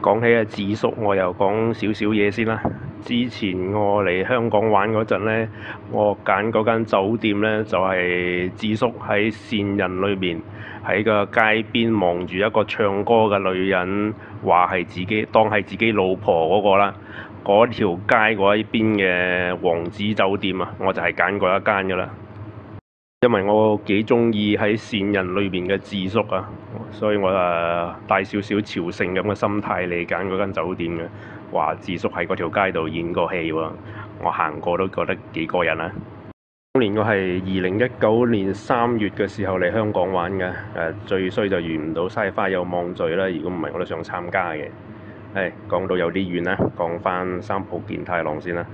講起阿智叔，我又講少少嘢先啦。之前我嚟香港玩嗰陣呢，我揀嗰間酒店呢，就係智叔喺線人裏面，喺個街邊望住一個唱歌嘅女人，話係自己當係自己老婆嗰個啦。嗰條街嗰一邊嘅王子酒店啊，我就係揀嗰一間噶啦，因為我幾中意喺善人裏邊嘅自宿啊，所以我誒帶少少朝聖咁嘅心態嚟揀嗰間酒店嘅。啊，話自宿喺嗰條街度演過戲喎。啊，我行過都覺得幾過癮啊！今年我係二零一九年三月嘅時候嚟香港玩嘅，誒、啊、最衰就遇唔到西花有網聚啦，如果唔係我都想參加嘅。係講到有啲遠啦，講返三浦建太朗先啦，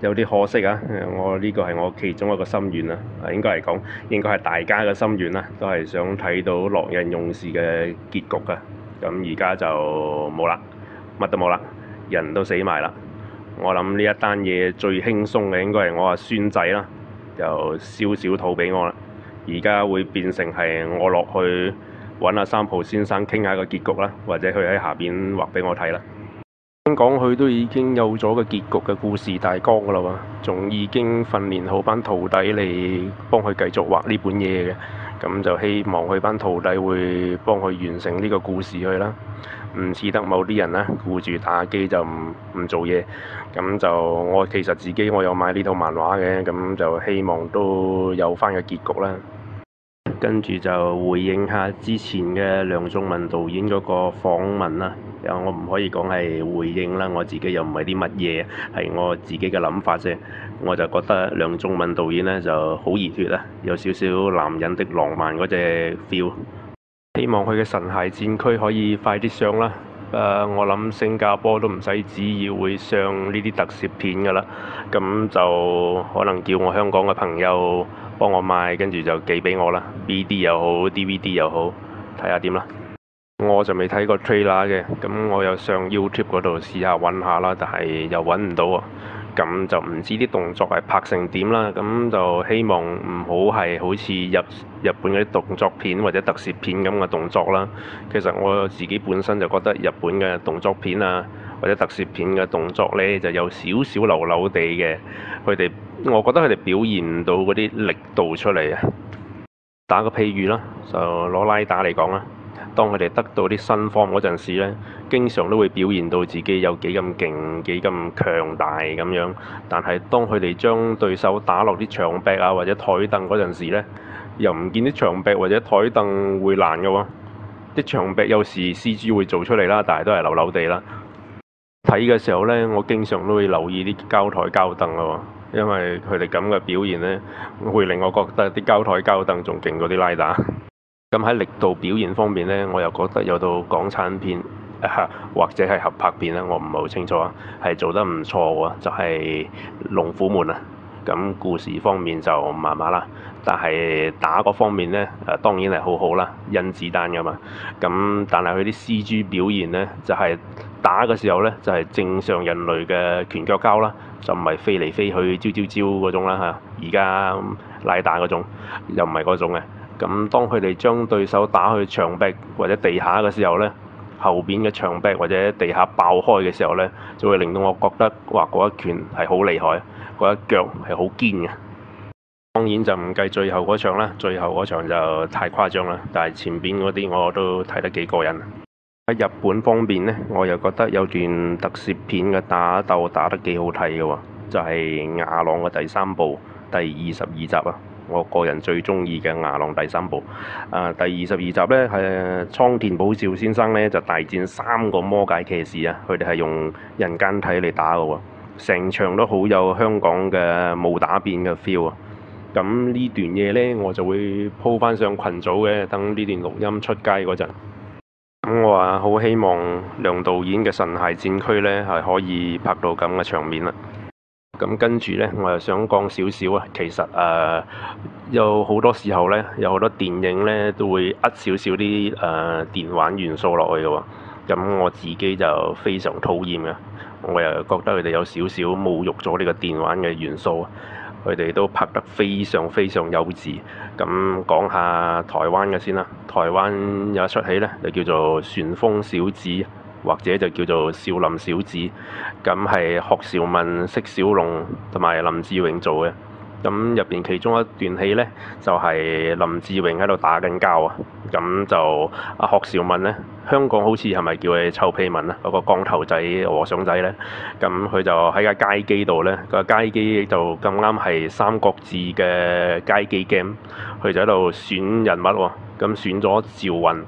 有啲可惜啊！我呢、這個係我其中一個心願啦，應該嚟講應該係大家嘅心願啦，都係想睇到烙印勇士嘅結局㗎。咁而家就冇啦，乜都冇啦，人都死埋啦。我諗呢一單嘢最輕鬆嘅應該係我阿孫仔啦，就燒小肚畀我啦。而家會變成係我落去。揾阿三浦先生傾下個結局啦，或者佢喺下邊畫俾我睇啦。聽講佢都已經有咗個結局嘅故事大綱噶啦嘛，仲已經訓練好班徒弟嚟幫佢繼續畫呢本嘢嘅，咁就希望佢班徒弟會幫佢完成呢個故事去啦。唔似得某啲人呢，顧住打機就唔唔做嘢。咁就我其實自己我有買呢套漫畫嘅，咁就希望都有翻個結局啦。跟住就回應下之前嘅梁仲文導演嗰個訪問啦。啊，我唔可以講係回應啦，我自己又唔係啲乜嘢，係我自己嘅諗法啫。我就覺得梁仲文導演呢就好熱血啦，有少少男人的浪漫嗰隻 feel。希望佢嘅《神骸戰軀》可以快啲上啦。誒、呃，我諗新加坡都唔使旨意會上呢啲特攝片㗎啦。咁就可能叫我香港嘅朋友。幫我買，跟住就寄畀我啦。B D 又好，D V D 又好，睇下點啦。我就未睇過 trailer 嘅，咁我又上 YouTube 嗰度試下揾下啦，但係又揾唔到啊。咁就唔知啲動作係拍成點啦。咁就希望唔好係好似日日本嗰啲動作片或者特攝片咁嘅動作啦。其實我自己本身就覺得日本嘅動作片啊，或者特攝片嘅動作呢，就有少少流流地嘅，佢哋。我覺得佢哋表現唔到嗰啲力度出嚟啊！打個譬喻啦，就攞拉打嚟講啦。當佢哋得到啲新方嗰陣時咧，經常都會表現到自己有幾咁勁、幾咁強大咁樣。但係當佢哋將對手打落啲牆壁啊或者台凳嗰陣時咧，又唔見啲牆壁或者台凳會爛嘅喎。啲牆壁有時 C G 會做出嚟啦，但係都係流流地啦。睇嘅時候呢，我經常都會留意啲膠台膠凳咯。因為佢哋咁嘅表現呢，會令我覺得啲膠枱膠凳仲勁過啲拉打。咁 <laughs> 喺力度表現方面呢，我又覺得有套港產片，啊、或者係合拍片呢，我唔係好清楚啊，係做得唔錯喎，就係、是《龍虎門》啊。咁故事方面就麻麻啦，但係打嗰方面呢，誒、啊、當然係好好啦，甄子丹㗎嘛。咁但係佢啲 C G 表現呢，就係、是、打嘅時候呢，就係、是、正常人類嘅拳腳交啦。就唔係飛嚟飛去、招招招嗰種啦嚇，而家拉大嗰種又唔係嗰種嘅。咁當佢哋將對手打去牆壁或者地下嘅時候呢，後邊嘅牆壁或者地下爆開嘅時候呢，就會令到我覺得哇，嗰一拳係好厲害，嗰一腳係好堅嘅。當然就唔計最後嗰場啦，最後嗰場就太誇張啦。但係前邊嗰啲我都睇得幾過癮。喺日本方面呢，我又覺得有段特攝片嘅打鬥打得幾好睇嘅喎，就係《牙狼》嘅第三部第二十二集啊！我個人最中意嘅《牙狼》第三部啊，第二十二集呢，係、啊、倉田保昭先生呢，就大戰三個魔界騎士啊，佢哋係用人間體嚟打嘅喎，成場都好有香港嘅武打片嘅 feel 啊！咁呢段嘢呢，我就會 po 返上群組嘅，等呢段錄音出街嗰陣。咁我話好希望梁導演嘅《神鞋戰區》呢係可以拍到咁嘅場面啦。咁跟住呢，我又想講少少啊。其實誒、呃，有好多時候呢，有好多電影呢都會一些一些呃少少啲誒電玩元素落去嘅。咁我自己就非常討厭嘅，我又覺得佢哋有少少侮辱咗呢個電玩嘅元素，佢哋都拍得非常非常幼稚。咁講下台灣嘅先啦，台灣有一出戲咧，就叫做《旋風小子》，或者就叫做《少林小子》，咁係郝劭文、釋小龍同埋林志穎做嘅。咁入邊其中一段戲咧，就係、是、林志穎喺度打緊交啊！咁就阿、啊、郝劭文咧，香港好似係咪叫佢臭屁文啊？嗰、那個光頭仔和尚仔咧，咁佢就喺個街機度咧，個街機就咁啱係三國志嘅街機 game，佢就喺度選人物喎、啊，咁選咗趙雲，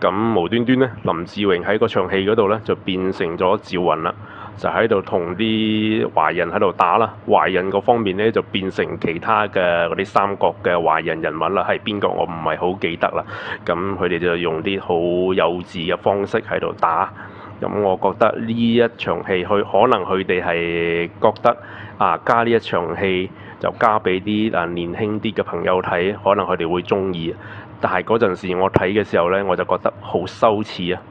咁無端端咧，林志穎喺嗰場戲嗰度咧，就變成咗趙雲啦。就喺度同啲華人喺度打啦，華人嗰方面呢，就變成其他嘅嗰啲三國嘅華人人物啦，係邊個我唔係好記得啦。咁佢哋就用啲好幼稚嘅方式喺度打。咁我覺得呢一場戲佢可能佢哋係覺得啊加呢一場戲就加俾啲嗱年輕啲嘅朋友睇，可能佢哋會中意。但係嗰陣時我睇嘅時候呢，我就覺得好羞恥啊！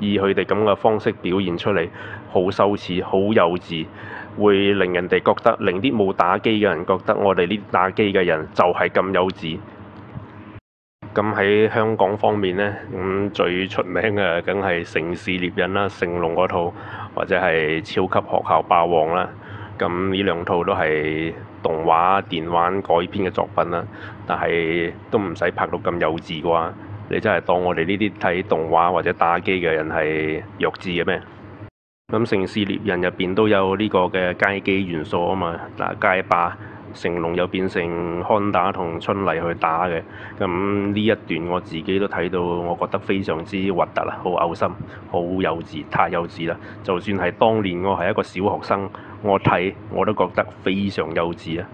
以佢哋咁嘅方式表現出嚟。好羞恥，好幼稚，會令人哋覺得，令啲冇打機嘅人覺得我哋呢啲打機嘅人就係咁幼稚。咁喺香港方面呢，咁，嗯，最出名嘅梗係《城市獵人》啦，《成龍》嗰套，或者係《超級學校霸王》啦。咁呢兩套都係動畫、電玩改編嘅作品啦，但係都唔使拍到咁幼稚啩？你真係當我哋呢啲睇動畫或者打機嘅人係弱智嘅咩？咁《城市獵人》入邊都有呢個嘅街機元素啊嘛。嗱，街霸成龍又變成康打同春麗去打嘅。咁呢一段我自己都睇到，我覺得非常之核突啦，好嘔心，好幼稚，太幼稚啦！就算係當年我係一個小學生，我睇我都覺得非常幼稚啊。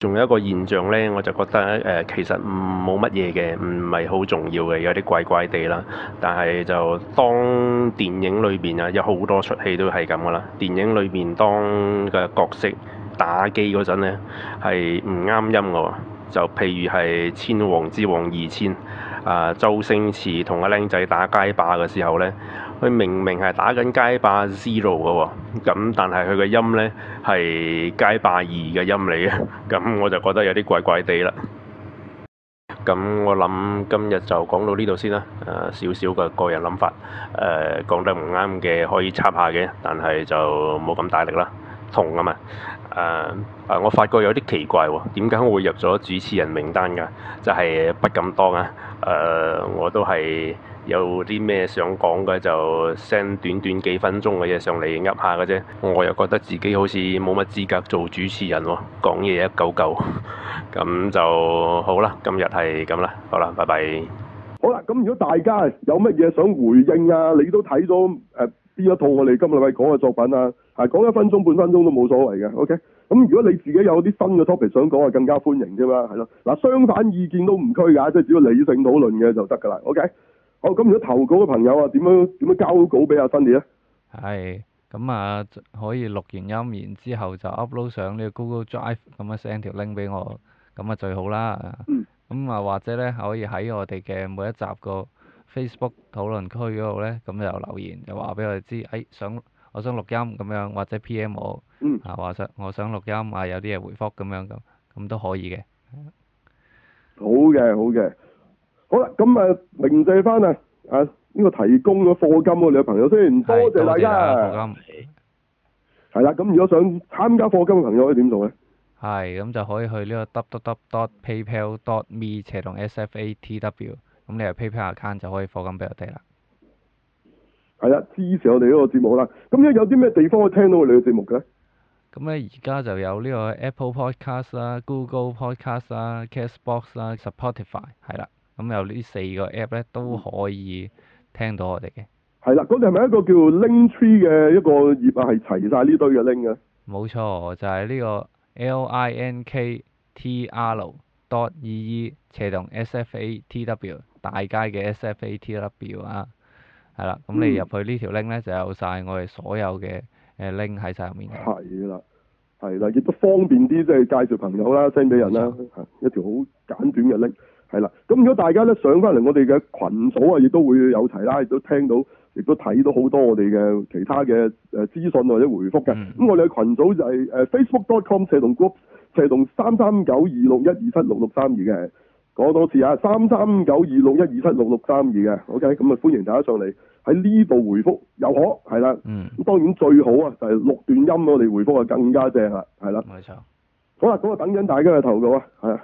仲有一個現象呢，我就覺得誒、呃，其實唔冇乜嘢嘅，唔係好重要嘅，有啲怪怪地啦。但係就當電影裏邊啊，有好多出戲都係咁噶啦。電影裏邊當嘅角色打機嗰陣呢，係唔啱音噶。就譬如係《千王之王二千》呃，啊，周星馳同阿靚仔打街霸嘅時候呢。佢明明係打緊街霸 Zero 嘅喎，咁但係佢嘅音呢係街霸二嘅音嚟嘅，咁我就覺得有啲怪怪地啦。咁我諗今日就講到呢度先啦。誒少少嘅個人諗法，誒講得唔啱嘅可以插下嘅，但係就冇咁大力啦。同啊嘛，誒啊我發覺有啲奇怪喎，點解會入咗主持人名單㗎？就係不敢當啊！誒我都係。有啲咩想講嘅就 send 短短幾分鐘嘅嘢上嚟噏下嘅啫，我又覺得自己好似冇乜資格做主持人喎、哦，講嘢一嚿嚿，咁、嗯、就好啦，今日係咁啦，好啦，拜拜。好啦，咁如果大家有乜嘢想回應啊，你都睇咗誒邊一套我哋今日喂講嘅作品啊，係講一分鐘半分鐘都冇所謂嘅，OK。咁如果你自己有啲新嘅 topic 想講啊，更加歡迎添嘛。係咯。嗱，相反意見都唔拘架，即係只要理性討論嘅就得㗎啦，OK。哦，咁如果投稿嘅朋友啊，點樣點樣交稿俾阿芬哋咧？係，咁啊可以錄完音，然之後就 upload 上呢個 Google Drive，咁樣 send 條 link 俾我，咁啊最好啦。嗯。咁啊或者咧可以喺我哋嘅每一集個 Facebook 討論區嗰度咧，咁就留言，就話俾我哋知，哎想我想錄音咁樣，或者 PM 我。嗯。啊話想我想錄音啊，有啲嘢回覆咁樣咁，咁都可以嘅。好嘅，好嘅。好啦，咁啊，鳴謝返啊，啊、這、呢個提供咗課金我哋嘅朋友先，多謝大家。係啦，課金。係啦，咁如果想參加課金嘅朋友可以點做咧？係，咁就可以去呢個 www.paypal.me 斜槓 sfatw，咁你有 PayPal account 就可以課金俾我哋啦。係啦，支持我哋呢個節目啦。咁咧有啲咩地方可以聽到我哋嘅節目嘅咧？咁咧而家就有呢個 Apple Podcast 啦、Google Podcast 啦、Castbox 啦、Spotify 係啦。咁有呢四個 app 咧都可以聽到我哋嘅。係啦，嗰度係咪一個叫 Linktree 嘅一個頁啊？係齊晒呢堆嘅 link 嘅。冇錯，就係呢個 L I N K T R dot E E 斜棟 S F A T W 大街嘅 S F A T W 啊。係啦，咁你入去呢條 link 咧就有晒我哋所有嘅誒 link 喺曬入面嘅。係啦，係啦，亦都方便啲，即係介紹朋友啦、send 俾人啦，一條好簡短嘅 link。係啦，咁如果大家咧上翻嚟，我哋嘅群組啊，亦都會有齊啦，亦都聽到，亦都睇到好多我哋嘅其他嘅誒資訊或者回覆嘅。咁、嗯、我哋嘅群組就係、是、誒、嗯、facebook.com 斜龍 group 斜同三三九二六一二七六六三二嘅，講多次啊，三三九二六一二七六六三二嘅，OK，咁啊歡迎大家上嚟喺呢度回覆又可係啦。嗯，咁當然最好啊，就係、是、錄段音我哋回覆啊更加正啦，係啦。冇錯錯。好啦、啊，咁啊等緊大家嘅投稿啊，係。